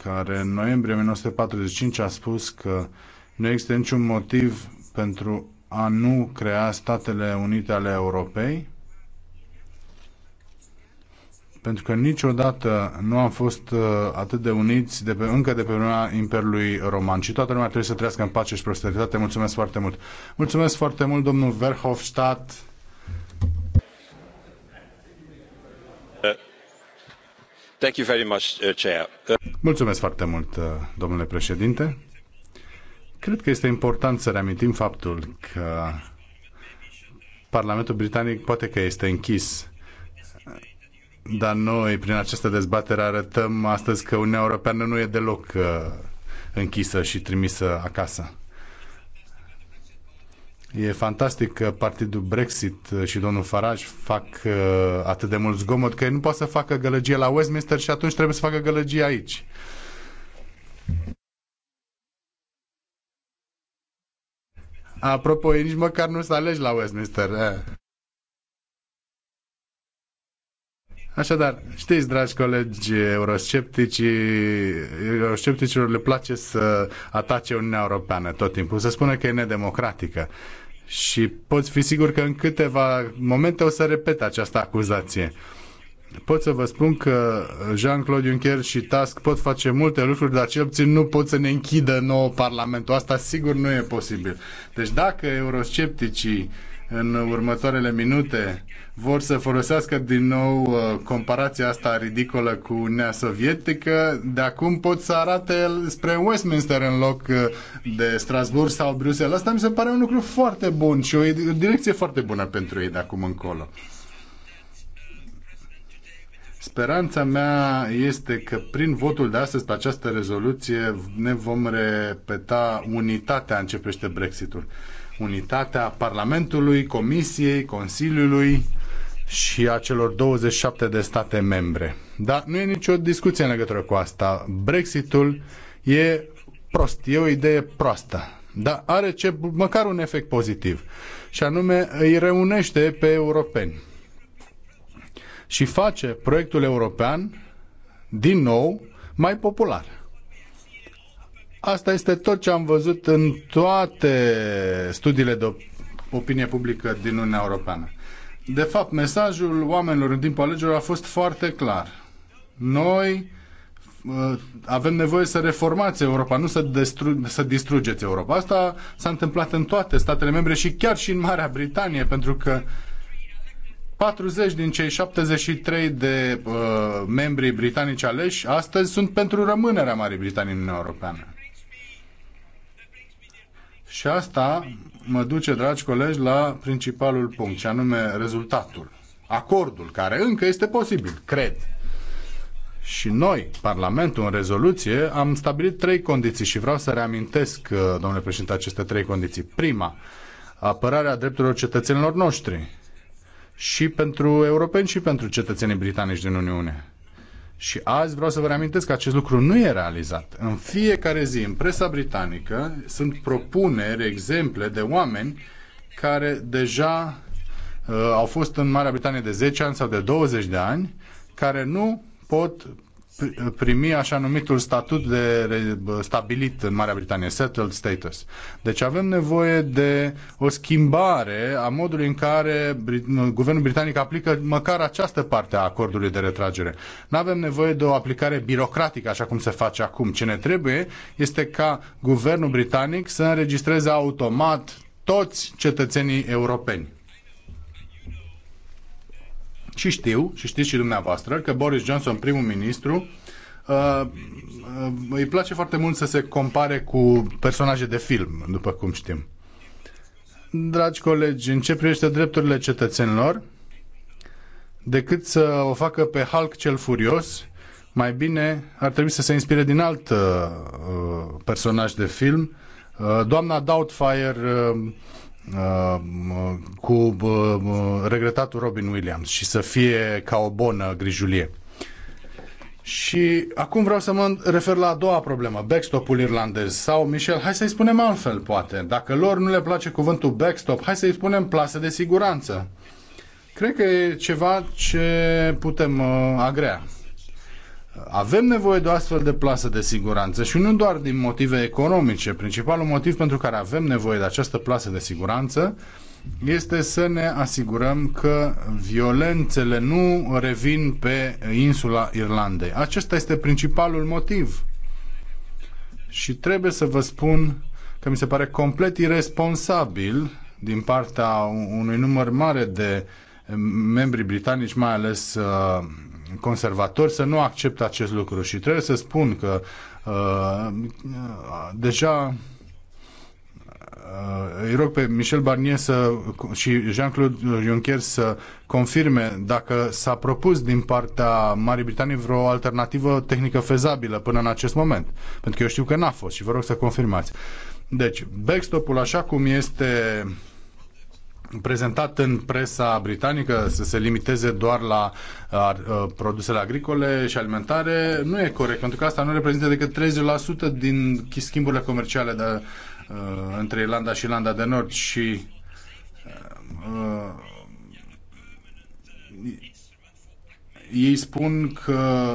care în noiembrie 1945 a spus că nu există niciun motiv pentru a nu crea Statele Unite ale Europei pentru că niciodată nu am fost uh, atât de uniți de pe, încă de pe vremea Imperiului Roman și toată lumea trebuie să trăiască în pace și prosperitate. Mulțumesc foarte mult! Mulțumesc foarte mult, domnul Verhofstadt! Thank you very much, uh, Chair. Uh, Mulțumesc foarte mult, domnule președinte. Cred că este important să reamintim faptul că Parlamentul Britanic poate că este închis dar noi, prin această dezbatere, arătăm astăzi că Uniunea Europeană nu e deloc uh, închisă și trimisă acasă. E fantastic că partidul Brexit uh, și domnul Farage fac uh, atât de mult zgomot că ei nu pot să facă gălăgie la Westminster și atunci trebuie să facă gălăgie aici. Apropo, ei nici măcar nu să alegi la Westminster. Eh. Așadar, știți, dragi colegi eurosceptici, euroscepticilor le place să atace Uniunea Europeană tot timpul, să spună că e nedemocratică. Și poți fi sigur că în câteva momente o să repete această acuzație. Pot să vă spun că Jean-Claude Juncker și Tusk pot face multe lucruri, dar cel puțin nu pot să ne închidă nouă Parlamentul. Asta sigur nu e posibil. Deci dacă euroscepticii în următoarele minute vor să folosească din nou uh, comparația asta ridicolă cu Uniunea Sovietică, de acum pot să arate spre Westminster în loc uh, de Strasbourg sau Bruxelles. Asta mi se pare un lucru foarte bun și o direcție foarte bună pentru ei de acum încolo. Speranța mea este că prin votul de astăzi pe această rezoluție ne vom repeta unitatea în ce privește Brexitul unitatea Parlamentului, Comisiei, Consiliului și a celor 27 de state membre. Dar nu e nicio discuție în legătură cu asta. Brexitul e prost, e o idee proastă, dar are ce, măcar un efect pozitiv și anume îi reunește pe europeni și face proiectul european din nou mai popular. Asta este tot ce am văzut în toate studiile de opinie publică din Uniunea Europeană. De fapt, mesajul oamenilor în timpul alegerilor a fost foarte clar. Noi uh, avem nevoie să reformați Europa, nu să, destru- să distrugeți Europa. Asta s-a întâmplat în toate statele membre și chiar și în Marea Britanie, pentru că 40 din cei 73 de uh, membri britanici aleși astăzi sunt pentru rămânerea Marii Britanii în Uniunea Europeană. Și asta mă duce, dragi colegi, la principalul punct, și anume rezultatul. Acordul, care încă este posibil, cred. Și noi, Parlamentul, în rezoluție, am stabilit trei condiții și vreau să reamintesc, uh, domnule președinte, aceste trei condiții. Prima, apărarea drepturilor cetățenilor noștri și pentru europeni și pentru cetățenii britanici din Uniune. Și azi vreau să vă reamintesc că acest lucru nu e realizat. În fiecare zi, în presa britanică, sunt propuneri, exemple de oameni care deja uh, au fost în Marea Britanie de 10 ani sau de 20 de ani, care nu pot primi așa numitul statut de stabilit în Marea Britanie, settled status. Deci avem nevoie de o schimbare a modului în care guvernul britanic aplică măcar această parte a acordului de retragere. Nu avem nevoie de o aplicare birocratică, așa cum se face acum. Ce ne trebuie este ca guvernul britanic să înregistreze automat toți cetățenii europeni. Și știu, și știți și dumneavoastră, că Boris Johnson, primul ministru, Uh, uh, îi place foarte mult să se compare cu personaje de film, după cum știm. Dragi colegi, în ce privește drepturile cetățenilor, decât să o facă pe Hulk cel furios, mai bine ar trebui să se inspire din alt uh, uh personaj de film. Uh, doamna Doubtfire uh, Uh, cu uh, uh, regretatul Robin Williams și să fie ca o bonă grijulie. Și acum vreau să mă refer la a doua problemă, backstop-ul irlandez. Sau, Michel, hai să-i spunem altfel, poate. Dacă lor nu le place cuvântul backstop, hai să-i spunem plasă de siguranță. Cred că e ceva ce putem uh, agrea. Avem nevoie de o astfel de plasă de siguranță și nu doar din motive economice. Principalul motiv pentru care avem nevoie de această plasă de siguranță este să ne asigurăm că violențele nu revin pe insula Irlandei. Acesta este principalul motiv. Și trebuie să vă spun că mi se pare complet irresponsabil din partea unui număr mare de membri britanici, mai ales uh, conservatori să nu accepte acest lucru și trebuie să spun că uh, deja uh, îi rog pe Michel Barnier să, și Jean-Claude Juncker să confirme dacă s-a propus din partea Marii Britanii vreo alternativă tehnică fezabilă până în acest moment. Pentru că eu știu că n-a fost și vă rog să confirmați. Deci, backstop-ul așa cum este prezentat în presa britanică să se limiteze doar la uh, uh, produsele agricole și alimentare nu e corect, pentru că asta nu reprezintă decât 30% din schimburile comerciale de, uh, între Irlanda și Irlanda de Nord și uh, uh ei spun că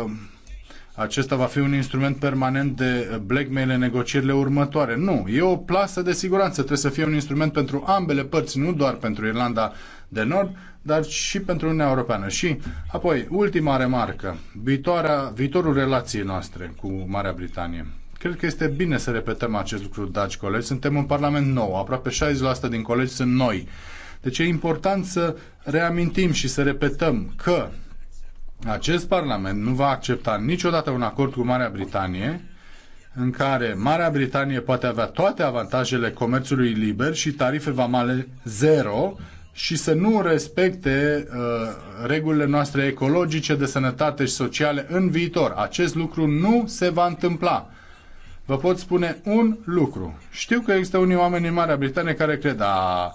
acesta va fi un instrument permanent de blackmail în negocierile următoare. Nu, e o plasă de siguranță. Trebuie să fie un instrument pentru ambele părți, nu doar pentru Irlanda de Nord, dar și pentru Uniunea Europeană. Și apoi, ultima remarcă, viitoarea, viitorul relației noastre cu Marea Britanie. Cred că este bine să repetăm acest lucru, dragi colegi. Suntem un parlament nou, aproape 60% din colegi sunt noi. Deci e important să reamintim și să repetăm că acest Parlament nu va accepta niciodată un acord cu Marea Britanie în care Marea Britanie poate avea toate avantajele comerțului liber și tarife vamale zero și să nu respecte uh, regulile noastre ecologice, de sănătate și sociale în viitor. Acest lucru nu se va întâmpla. Vă pot spune un lucru. Știu că există unii oameni în Marea Britanie care cred, a,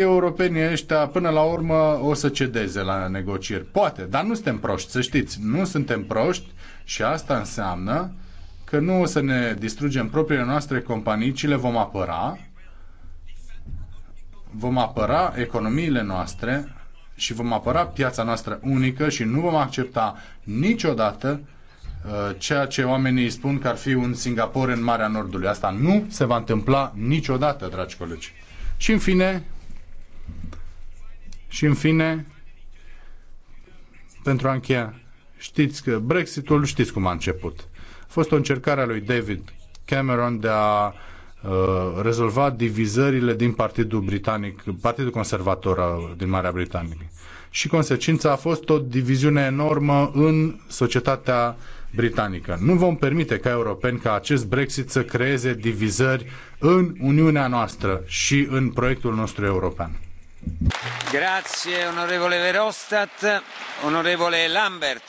europenii ăștia până la urmă o să cedeze la negocieri. Poate, dar nu suntem proști, să știți. Nu suntem proști și asta înseamnă că nu o să ne distrugem propriile noastre companii, ci le vom apăra. Vom apăra economiile noastre și vom apăra piața noastră unică și nu vom accepta niciodată uh, ceea ce oamenii spun că ar fi un Singapore în Marea Nordului. Asta nu se va întâmpla niciodată, dragi colegi. Și în fine, și în fine, pentru a încheia, știți că Brexitul, știți cum a început. A fost o încercare a lui David Cameron de a uh, rezolva divizările din Partidul Britanic, Partidul Conservator uh, din Marea Britanie. Și consecința a fost o diviziune enormă în societatea britanică. Nu vom permite ca europeni ca acest Brexit să creeze divizări în Uniunea noastră și în proiectul nostru european. Grazie, onorevole Verhofstadt, onorevole Lambert.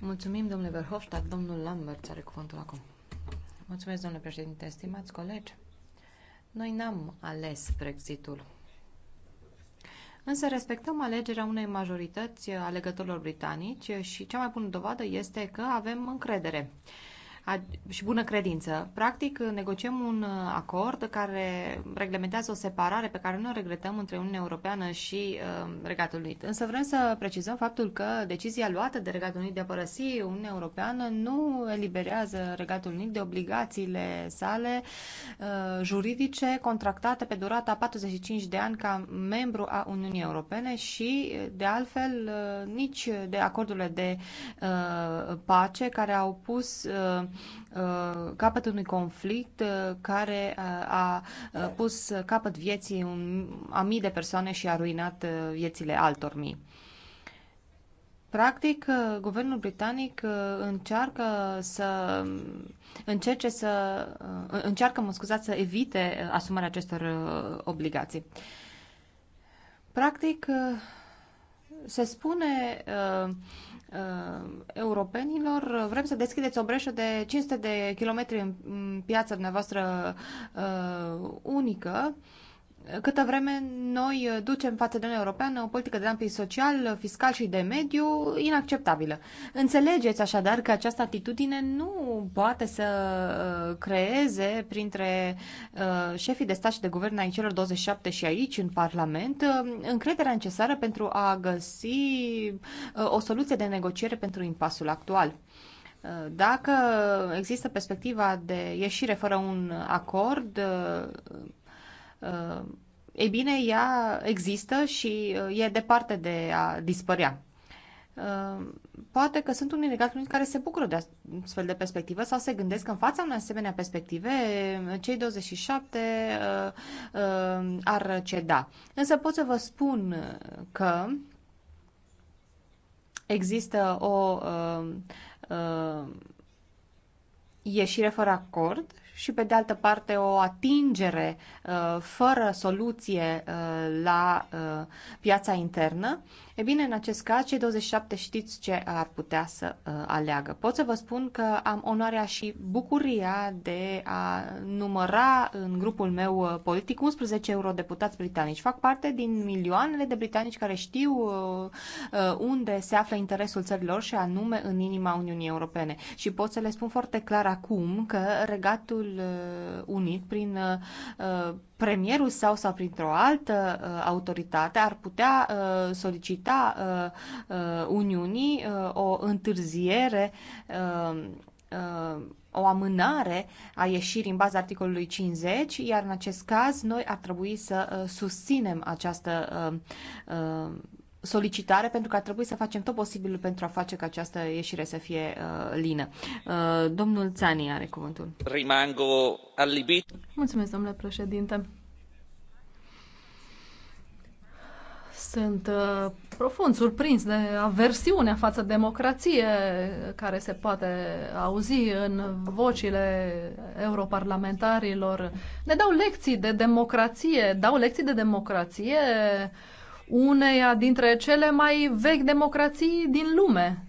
Mulțumim, domnule Verhofstadt. Domnul Lambert are cuvântul acum. Mulțumesc, domnule președinte. Stimați colegi, noi n-am ales Brexitul. Însă respectăm alegerea unei majorități alegătorilor britanici și cea mai bună dovadă este că avem încredere și bună credință. Practic, negociem un uh, acord care reglementează o separare pe care noi o regretăm între Uniunea Europeană și uh, Regatul Unit. Însă vrem să precizăm faptul că decizia luată de Regatul Unit de a părăsi Uniunea Europeană nu eliberează Regatul Unit de obligațiile sale uh, juridice contractate pe durata 45 de ani ca membru a Uniunii Europene și, de altfel, uh, nici de acordurile de uh, pace care au pus uh, Uh, capăt unui conflict uh, care uh, a pus capăt vieții a mii de persoane și a ruinat viețile altor mii. Practic, guvernul britanic încearcă să încerce să încearcă, mă scuzați, să evite asumarea acestor obligații. Practic, se spune uh, Uh, europenilor. Vrem să deschideți o breșă de 500 de kilometri în piața dumneavoastră uh, unică. Câtă vreme noi uh, ducem față de Uniunea Europeană o politică de dumping social, fiscal și de mediu inacceptabilă. Înțelegeți așadar că această atitudine nu poate să uh, creeze printre uh, șefii de stat și de guvern ai celor 27 și aici în Parlament încrederea necesară pentru a găsi o soluție de negociere pentru impasul actual. Dacă există perspectiva de ieșire fără un acord, ei bine, ea există și uh, e departe de a dispărea. Uh, poate că sunt unii legați care se bucură de astfel de perspectivă sau se gândesc că în fața unei asemenea perspective cei 27 uh, ar ceda. Însă pot să vă spun că există o ieșire fără acord și, pe de altă parte, o atingere uh, fără soluție uh, la uh, piața internă, E bine, în acest caz, cei 27 știți ce ar putea să uh, aleagă. Pot să vă spun că am onoarea și bucuria de a număra în grupul meu uh, politic 11 eurodeputați britanici. Fac parte din milioanele de britanici care știu uh, uh, unde se află interesul țărilor și anume în inima Uniunii Europene. Și pot să le spun foarte clar acum că Regatul uh, Unit, prin uh, uh premierul sau sau printr-o altă uh, autoritate ar putea uh, solicita uh, uh, Uniunii uh, o întârziere uh, uh, o amânare a ieșirii în baza articolului 50, iar în acest caz noi ar trebui să uh, susținem această uh, uh, solicitare pentru că ar trebui să facem tot posibilul pentru a face ca această ieșire să fie uh, lină. Uh, domnul Țani are cuvântul. Rimango alibit. Mulțumesc, domnule președinte. Sunt uh, profund surprins de aversiunea față democrație care se poate auzi în vocile europarlamentarilor. Ne dau lecții de democrație, dau lecții de democrație uh, uneia dintre cele mai vechi democrații din lume.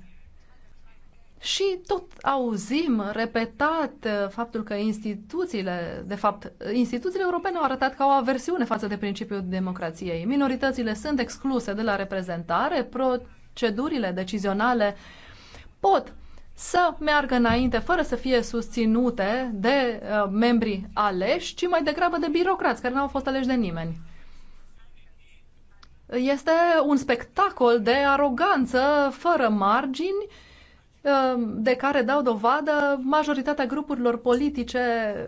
Și tot auzim repetat uh, faptul că instituțiile, de fapt, instituțiile europene au arătat ca o aversiune față de principiul democrației. Minoritățile sunt excluse de la reprezentare, procedurile decizionale pot să meargă înainte fără să fie susținute de uh, membrii aleși, ci mai degrabă de birocrați care n-au fost aleși de nimeni. Este un spectacol de aroganță fără margini um, de care dau dovadă majoritatea grupurilor politice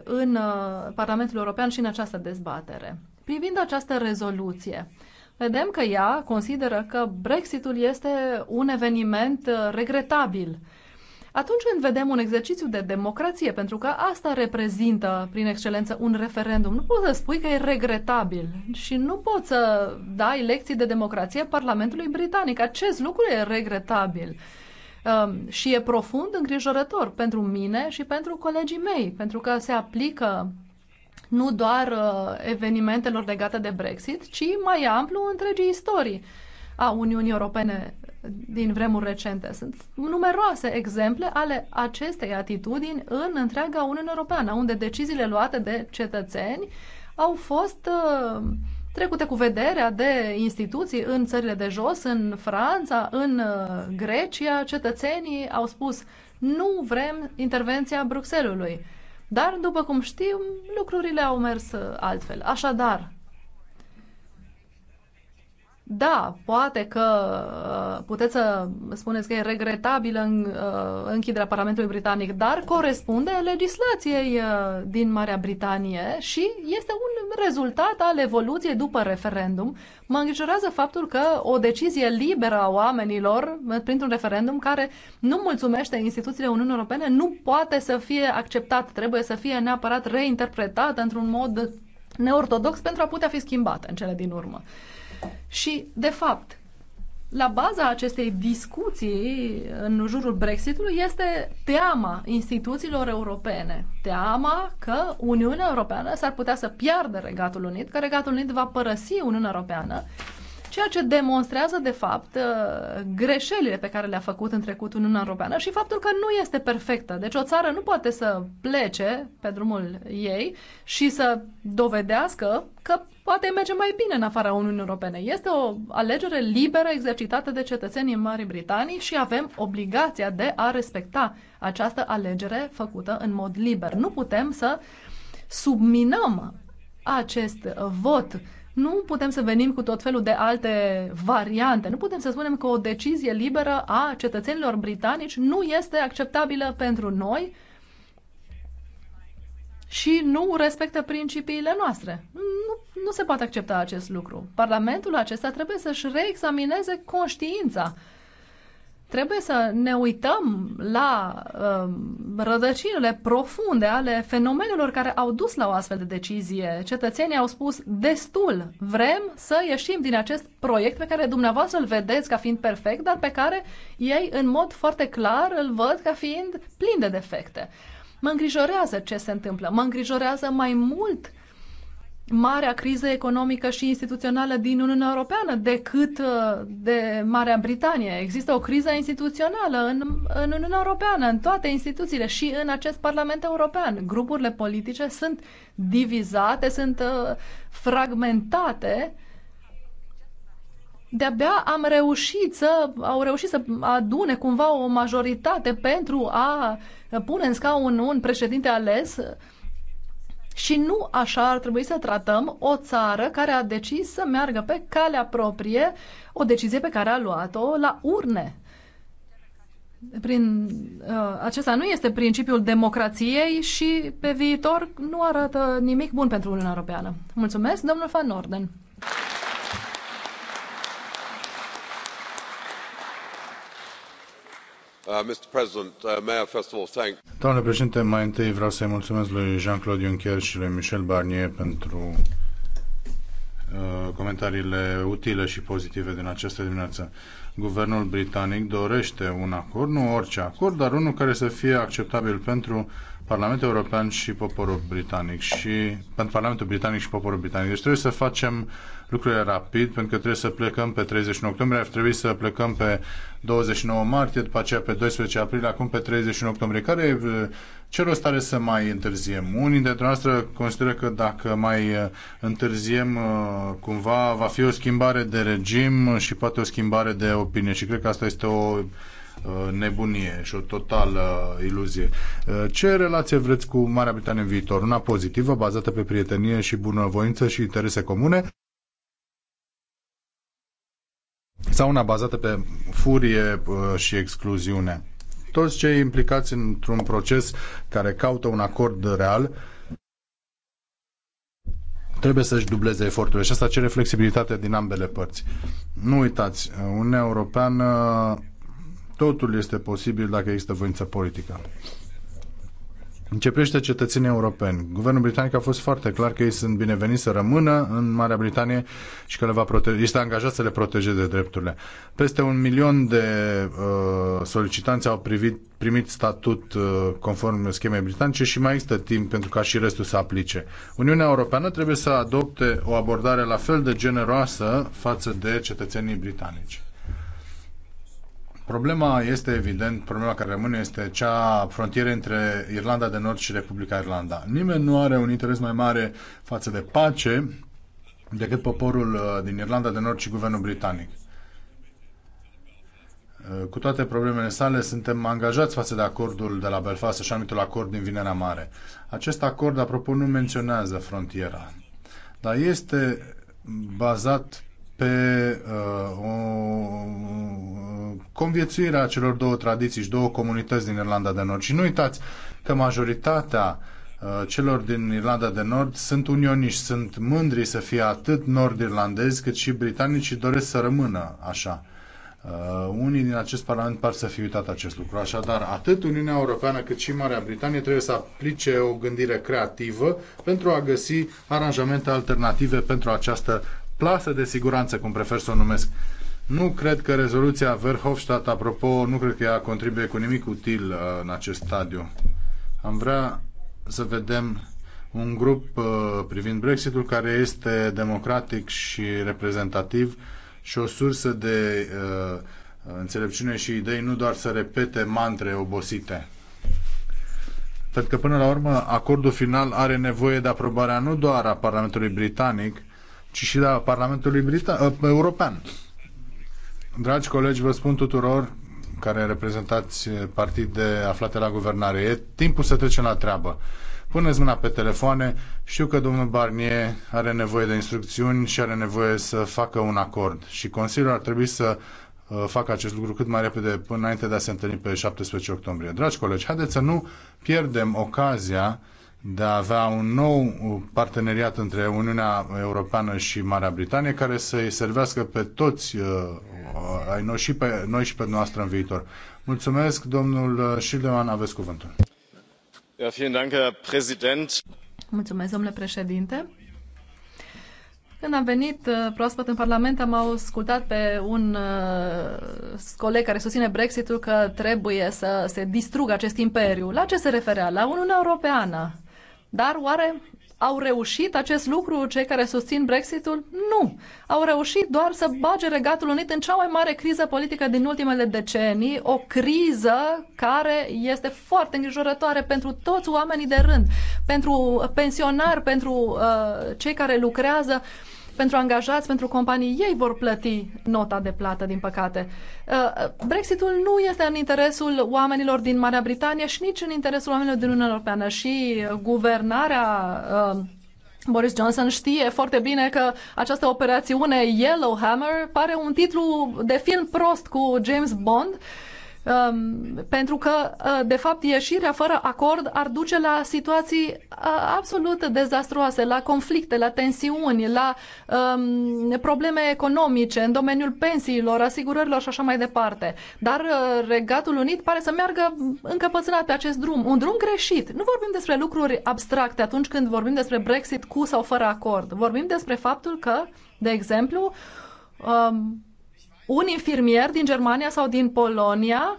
în uh, Parlamentul European și în această dezbatere. Privind această rezoluție, vedem că ea consideră că Brexitul este un eveniment uh, regretabil atunci când vedem un exercițiu de democrație, pentru că asta reprezintă, prin excelență, un referendum, nu poți să spui că e regretabil și nu poți să dai lecții de democrație Parlamentului Britanic. Acest lucru e regretabil um, și e profund îngrijorător pentru mine și pentru colegii mei, pentru că se aplică nu doar uh, evenimentelor legate de Brexit, ci mai amplu întregii istorii a Uniunii Europene din vremuri recente. Sunt numeroase exemple ale acestei atitudini în întreaga Uniune Europeană, unde deciziile luate de cetățeni au fost uh, trecute cu vederea de instituții în țările de jos, în Franța, în uh, Grecia. Cetățenii au spus nu vrem intervenția Bruxelului. Dar, după cum știm, lucrurile au mers uh, altfel. Așadar, da, poate că uh, puteți să spuneți că e regretabilă în, uh, închiderea Parlamentului Britanic, dar corespunde legislației uh, din Marea Britanie și este un rezultat al evoluției după referendum. Mă îngrijorează faptul că o decizie liberă a oamenilor printr-un referendum care nu mulțumește instituțiile Uniunii Europene nu poate să fie acceptat, trebuie să fie neapărat reinterpretată într-un mod neortodox pentru a putea fi schimbată în cele din urmă. Și, de fapt, la baza acestei discuții în jurul Brexitului este teama instituțiilor europene, teama că Uniunea Europeană s-ar putea să piardă Regatul Unit, că Regatul Unit va părăsi Uniunea Europeană ceea ce demonstrează, de fapt, uh, greșelile pe care le-a făcut în trecut Uniunea Europeană și faptul că nu este perfectă. Deci o țară nu poate să plece pe drumul ei și să dovedească că poate merge mai bine în afara Uniunii Europene. Este o alegere liberă exercitată de cetățenii Marii Britanii și avem obligația de a respecta această alegere făcută în mod liber. Nu putem să subminăm acest vot nu putem să venim cu tot felul de alte variante. Nu putem să spunem că o decizie liberă a cetățenilor britanici nu este acceptabilă pentru noi și nu respectă principiile noastre. Nu, nu se poate accepta acest lucru. Parlamentul acesta trebuie să-și reexamineze conștiința Trebuie să ne uităm la um, rădăcinile profunde ale fenomenelor care au dus la o astfel de decizie. Cetățenii au spus destul, vrem să ieșim din acest proiect pe care dumneavoastră îl vedeți ca fiind perfect, dar pe care ei în mod foarte clar îl văd ca fiind plin de defecte. Mă îngrijorează ce se întâmplă, mă îngrijorează mai mult uh, marea criză economică și instituțională din Uniunea Europeană decât uh, de Marea Britanie. Există o criză instituțională în, în Uniunea Europeană, în toate instituțiile și în acest Parlament European. Grupurile politice sunt divizate, sunt uh, fragmentate. De-abia am reușit să, au reușit să adune cumva o majoritate pentru a pune în scaun un președinte ales uh, și nu așa ar trebui să tratăm o țară care a decis să meargă pe calea proprie, o decizie pe care a luat-o la urne. Prin, uh, acesta nu este principiul democrației și pe viitor nu arată nimic bun pentru Uniunea Europeană. Mulțumesc, domnul Van Orden. Uh, uh, Domnule președinte, mai întâi vreau să îi mulțumesc lui Jean-Claude Juncker și lui Michel Barnier pentru uh, comentariile utile și pozitive din această dimineață. Guvernul britanic dorește un acord, nu orice acord, dar unul care să fie acceptabil pentru Parlamentul European și poporul britanic și pentru Parlamentul Britanic și poporul britanic. Deci trebuie să facem lucrurile rapid, pentru că trebuie să plecăm pe 31 octombrie, ar trebui să plecăm pe 29 martie, după aceea pe 12 aprilie, acum pe 31 octombrie. Care uh, ce rost are să mai întârziem? Unii dintre noastre consideră că dacă mai uh, întârziem uh, cumva va fi o schimbare de regim și poate o schimbare de opinie și cred că asta este o nebunie și o totală iluzie. Ce relație vreți cu Marea Britanie în viitor? Una pozitivă, bazată pe prietenie și bunăvoință și interese comune sau una bazată pe furie uh, și excluziune. Toți cei implicați într-un proces care caută un acord real trebuie să-și dubleze eforturile și asta cere flexibilitate din ambele părți. Nu uitați, Uniunea Europeană totul este posibil dacă există voință politică privește cetățenii europeni. Guvernul britanic a fost foarte clar că ei sunt bineveniți să rămână în Marea Britanie și că le va proteja, este angajat să le protejeze drepturile. Peste un milion de uh, solicitanți au privit, primit statut uh, conform schemei britanice și mai există timp pentru ca și restul să aplice. Uniunea Europeană trebuie să adopte o abordare la fel de generoasă față de cetățenii britanici. Problema este evident, problema care rămâne este cea frontierei între Irlanda de Nord și Republica Irlanda. Nimeni nu are un interes mai mare față de pace decât poporul uh, din Irlanda de Nord și guvernul britanic. Uh, cu toate problemele sale, suntem angajați față de acordul de la Belfast, așa numitul acord din Vinerea Mare. Acest acord, apropo, nu menționează frontiera, dar este bazat pe uh, o conviețuire a celor două tradiții și două comunități din Irlanda de Nord. Și nu uitați că majoritatea uh, celor din Irlanda de Nord sunt unioniști, sunt mândri să fie atât nord-irlandezi cât și britanici și doresc să rămână așa. Uh, unii din acest parlament par să fi uitat acest lucru. Așadar, atât Uniunea Europeană cât și Marea Britanie trebuie să aplice o gândire creativă pentru a găsi aranjamente alternative pentru această plasă de siguranță, cum prefer să o numesc. Nu cred că rezoluția Verhofstadt, apropo, nu cred că ea contribuie cu nimic util uh, în acest stadiu. Am vrea să vedem un grup uh, privind Brexitul care este democratic și reprezentativ și o sursă de uh, înțelepciune și idei, nu doar să repete mantre obosite. Pentru că, până la urmă, acordul final are nevoie de aprobarea nu doar a Parlamentului Britanic, ci și la Parlamentului Brita- ă, European. Dragi colegi, vă spun tuturor care reprezentați partide aflate la guvernare, e timpul să trecem la treabă. Puneți mâna pe telefoane. Știu că domnul Barnier are nevoie de instrucțiuni și are nevoie să facă un acord. Și Consiliul ar trebui să ă, facă acest lucru cât mai repede până înainte de a se întâlni pe 17 octombrie. Dragi colegi, haideți să nu pierdem ocazia de a avea un nou parteneriat între Uniunea Europeană și Marea Britanie care să-i servească pe toți uh, uh, ai noi și pe noi și pe noastră în viitor. Mulțumesc, domnul uh, Schildeman, aveți cuvântul. Mulțumesc, domnule președinte. Când am venit proaspăt în Parlament, am ascultat pe un coleg care susține Brexitul că trebuie să se distrugă acest imperiu. La ce se referea? La Uniunea Europeană. Dar oare au reușit acest lucru cei care susțin Brexitul? Nu. Au reușit doar să bage Regatul Unit în cea mai mare criză politică din ultimele decenii, o criză care este foarte îngrijorătoare pentru toți oamenii de rând, pentru pensionari, pentru uh, cei care lucrează. Uh, pentru angajați, pentru companii, ei vor plăti nota de plată, din păcate. Uh, Brexitul nu este în interesul oamenilor din Marea Britanie și nici în interesul oamenilor din Uniunea Europeană și guvernarea uh, Boris Johnson știe foarte bine că această operațiune Yellowhammer pare un titlu de film prost cu James Bond uh, Um, pentru că, uh, de fapt, ieșirea fără acord ar duce la situații uh, absolut dezastruoase, la conflicte, la tensiuni, la um, probleme economice în domeniul pensiilor, asigurărilor și așa mai departe. Dar uh, Regatul Unit pare să meargă încăpățânat pe acest drum, un drum greșit. Nu vorbim despre lucruri abstracte atunci când vorbim despre Brexit cu sau fără acord. Vorbim despre faptul că, de exemplu, um, un infirmier din Germania sau din Polonia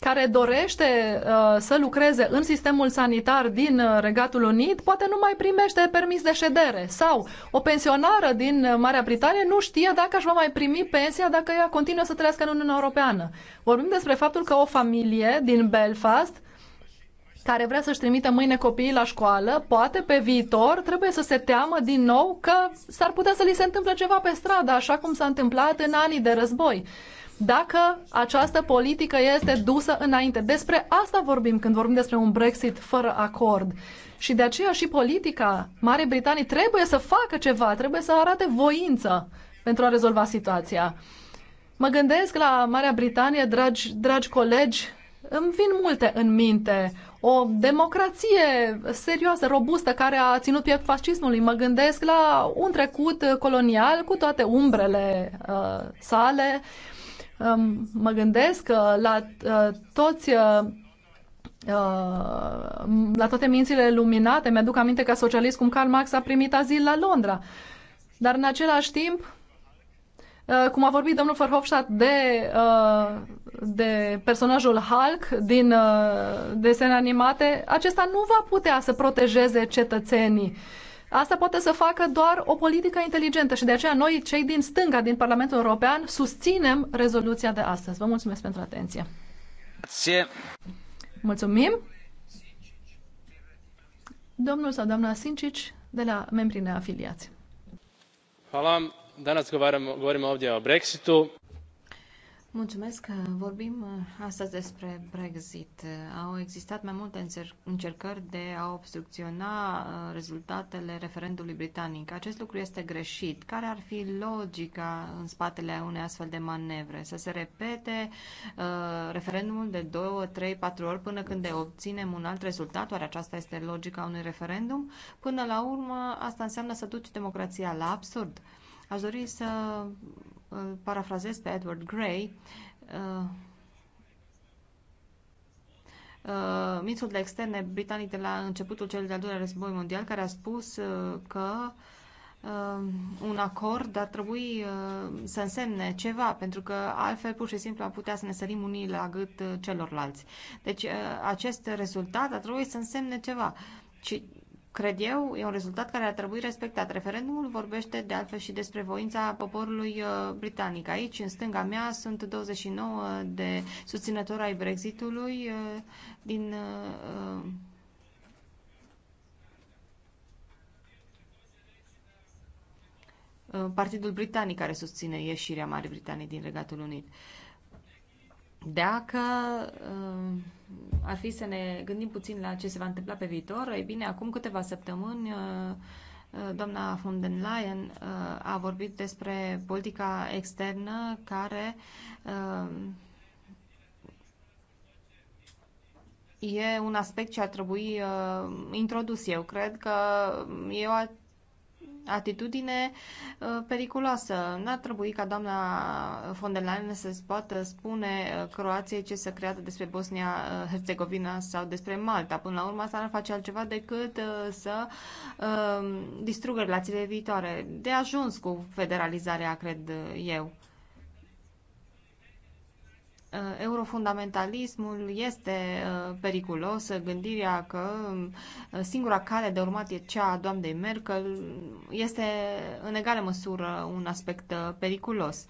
care dorește uh, să lucreze în sistemul sanitar din uh, Regatul Unit, poate nu mai primește permis de ședere. Sau o pensionară din uh, Marea Britanie nu știe dacă își va mai primi pensia dacă ea continuă să trăiască în Uniunea Europeană. Vorbim despre faptul că o familie din Belfast care vrea să-și trimită mâine copiii la școală, poate pe viitor trebuie să se teamă din nou că s-ar putea să li se întâmple ceva pe stradă, așa cum s-a întâmplat în anii de război. Dacă această politică este dusă înainte. Despre asta vorbim când vorbim despre un Brexit fără acord. Și de aceea și politica Marii Britanii trebuie să facă ceva, trebuie să arate voință pentru a rezolva situația. Mă gândesc la Marea Britanie, dragi, dragi colegi, îmi vin multe în minte. O democrație serioasă, robustă, care a ținut piept fascismului. Mă gândesc la un trecut colonial cu toate umbrele uh, sale. Um, mă gândesc uh, la uh, toți uh, uh la toate mințile luminate. Mi-aduc aminte ca socialist cum Karl Marx a primit azil la Londra. Dar în același timp, uh, cum a vorbit domnul Verhofstadt de uh, de personajul Hulk din uh, desene animate, acesta nu va putea să protejeze cetățenii. Asta poate să facă doar o politică inteligentă și de aceea noi, cei din stânga din Parlamentul European, susținem rezoluția de astăzi. Vă mulțumesc pentru atenție. Mulțumim. Domnul sau doamna Sincici de la membrii neafiliați. Hvala. Danas govorimo ovdje o Brexitu. Mulțumesc. Vorbim uh, astăzi despre Brexit. Uh, au existat mai multe încercări de a obstrucționa uh, rezultatele referendului britanic. Acest lucru este greșit. Care ar fi logica în spatele unei astfel de manevre? Să se repete uh, referendumul de 2, 3, 4 ori până când obținem un alt rezultat? Oare aceasta este logica unui referendum? Până la urmă, asta înseamnă să duci democrația la absurd. Aș dori să îl parafrazez pe Edward Gray, uh, uh de externe britanic de la începutul celui de-al doilea război mondial, care a spus uh, că uh, un acord ar trebui să însemne ceva, pentru că altfel pur și simplu am putea să ne sărim unii la gât celorlalți. Deci acest rezultat ar trebui să însemne ceva. Și cred eu, e un rezultat care ar trebui respectat. Referendumul vorbește de altfel și despre voința poporului uh, britanic. Aici, în stânga mea, sunt 29 de susținători ai Brexitului uh, din uh, Partidul Britanic care susține ieșirea Marii Britanii din Regatul Unit. Dacă uh, ar fi să ne gândim puțin la ce se va întâmpla pe viitor, ei bine, acum câteva săptămâni uh, uh, doamna von den Leyen uh, a vorbit despre politica externă care e un aspect ce ar trebui introdus. Eu cred că e o atitudine uh, periculoasă. N-ar trebui ca doamna von der Leyen să poată spune uh, Croației ce să creadă despre Bosnia-Herzegovina sau despre Malta. Până la urmă asta nu face altceva decât uh, să distrugă relațiile viitoare. De ajuns cu federalizarea, cred eu. Uh, eurofundamentalismul este uh, periculos, gândirea că uh, singura cale de urmat e cea a doamnei Merkel este în egală măsură un aspect periculos.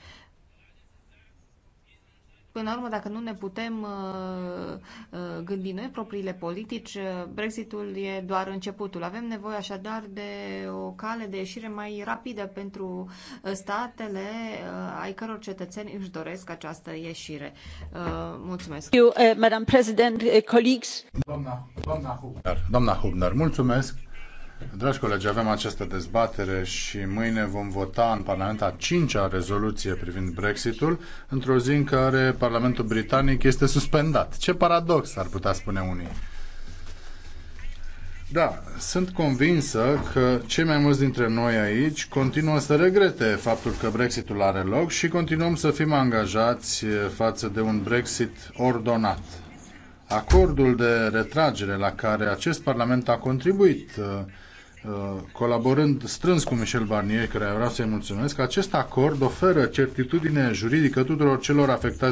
Până la urmă, dacă nu ne putem uh, uh, gândi noi propriile politici, uh, Brexitul e doar începutul. Avem nevoie așadar de o cale de ieșire mai rapidă pentru statele ai căror cetățeni își doresc această ieșire. Mulțumesc. You, uh, President, colleagues. Doamna, Hubner. Doamna Hubner, mulțumesc. Dragi colegi, avem această dezbatere și mâine vom vota în Parlament a cincea rezoluție privind Brexitul, într-o zi în care Parlamentul Britanic este suspendat. Ce paradox ar putea spune unii. Da, sunt convinsă că cei mai mulți dintre noi aici continuă să regrete faptul că Brexitul are loc și continuăm să fim angajați față de un Brexit ordonat. Acordul de retragere la care acest Parlament a contribuit Uh, colaborând strâns cu Michel Barnier, care vreau să-i mulțumesc, acest acord oferă certitudine juridică tuturor celor afectați de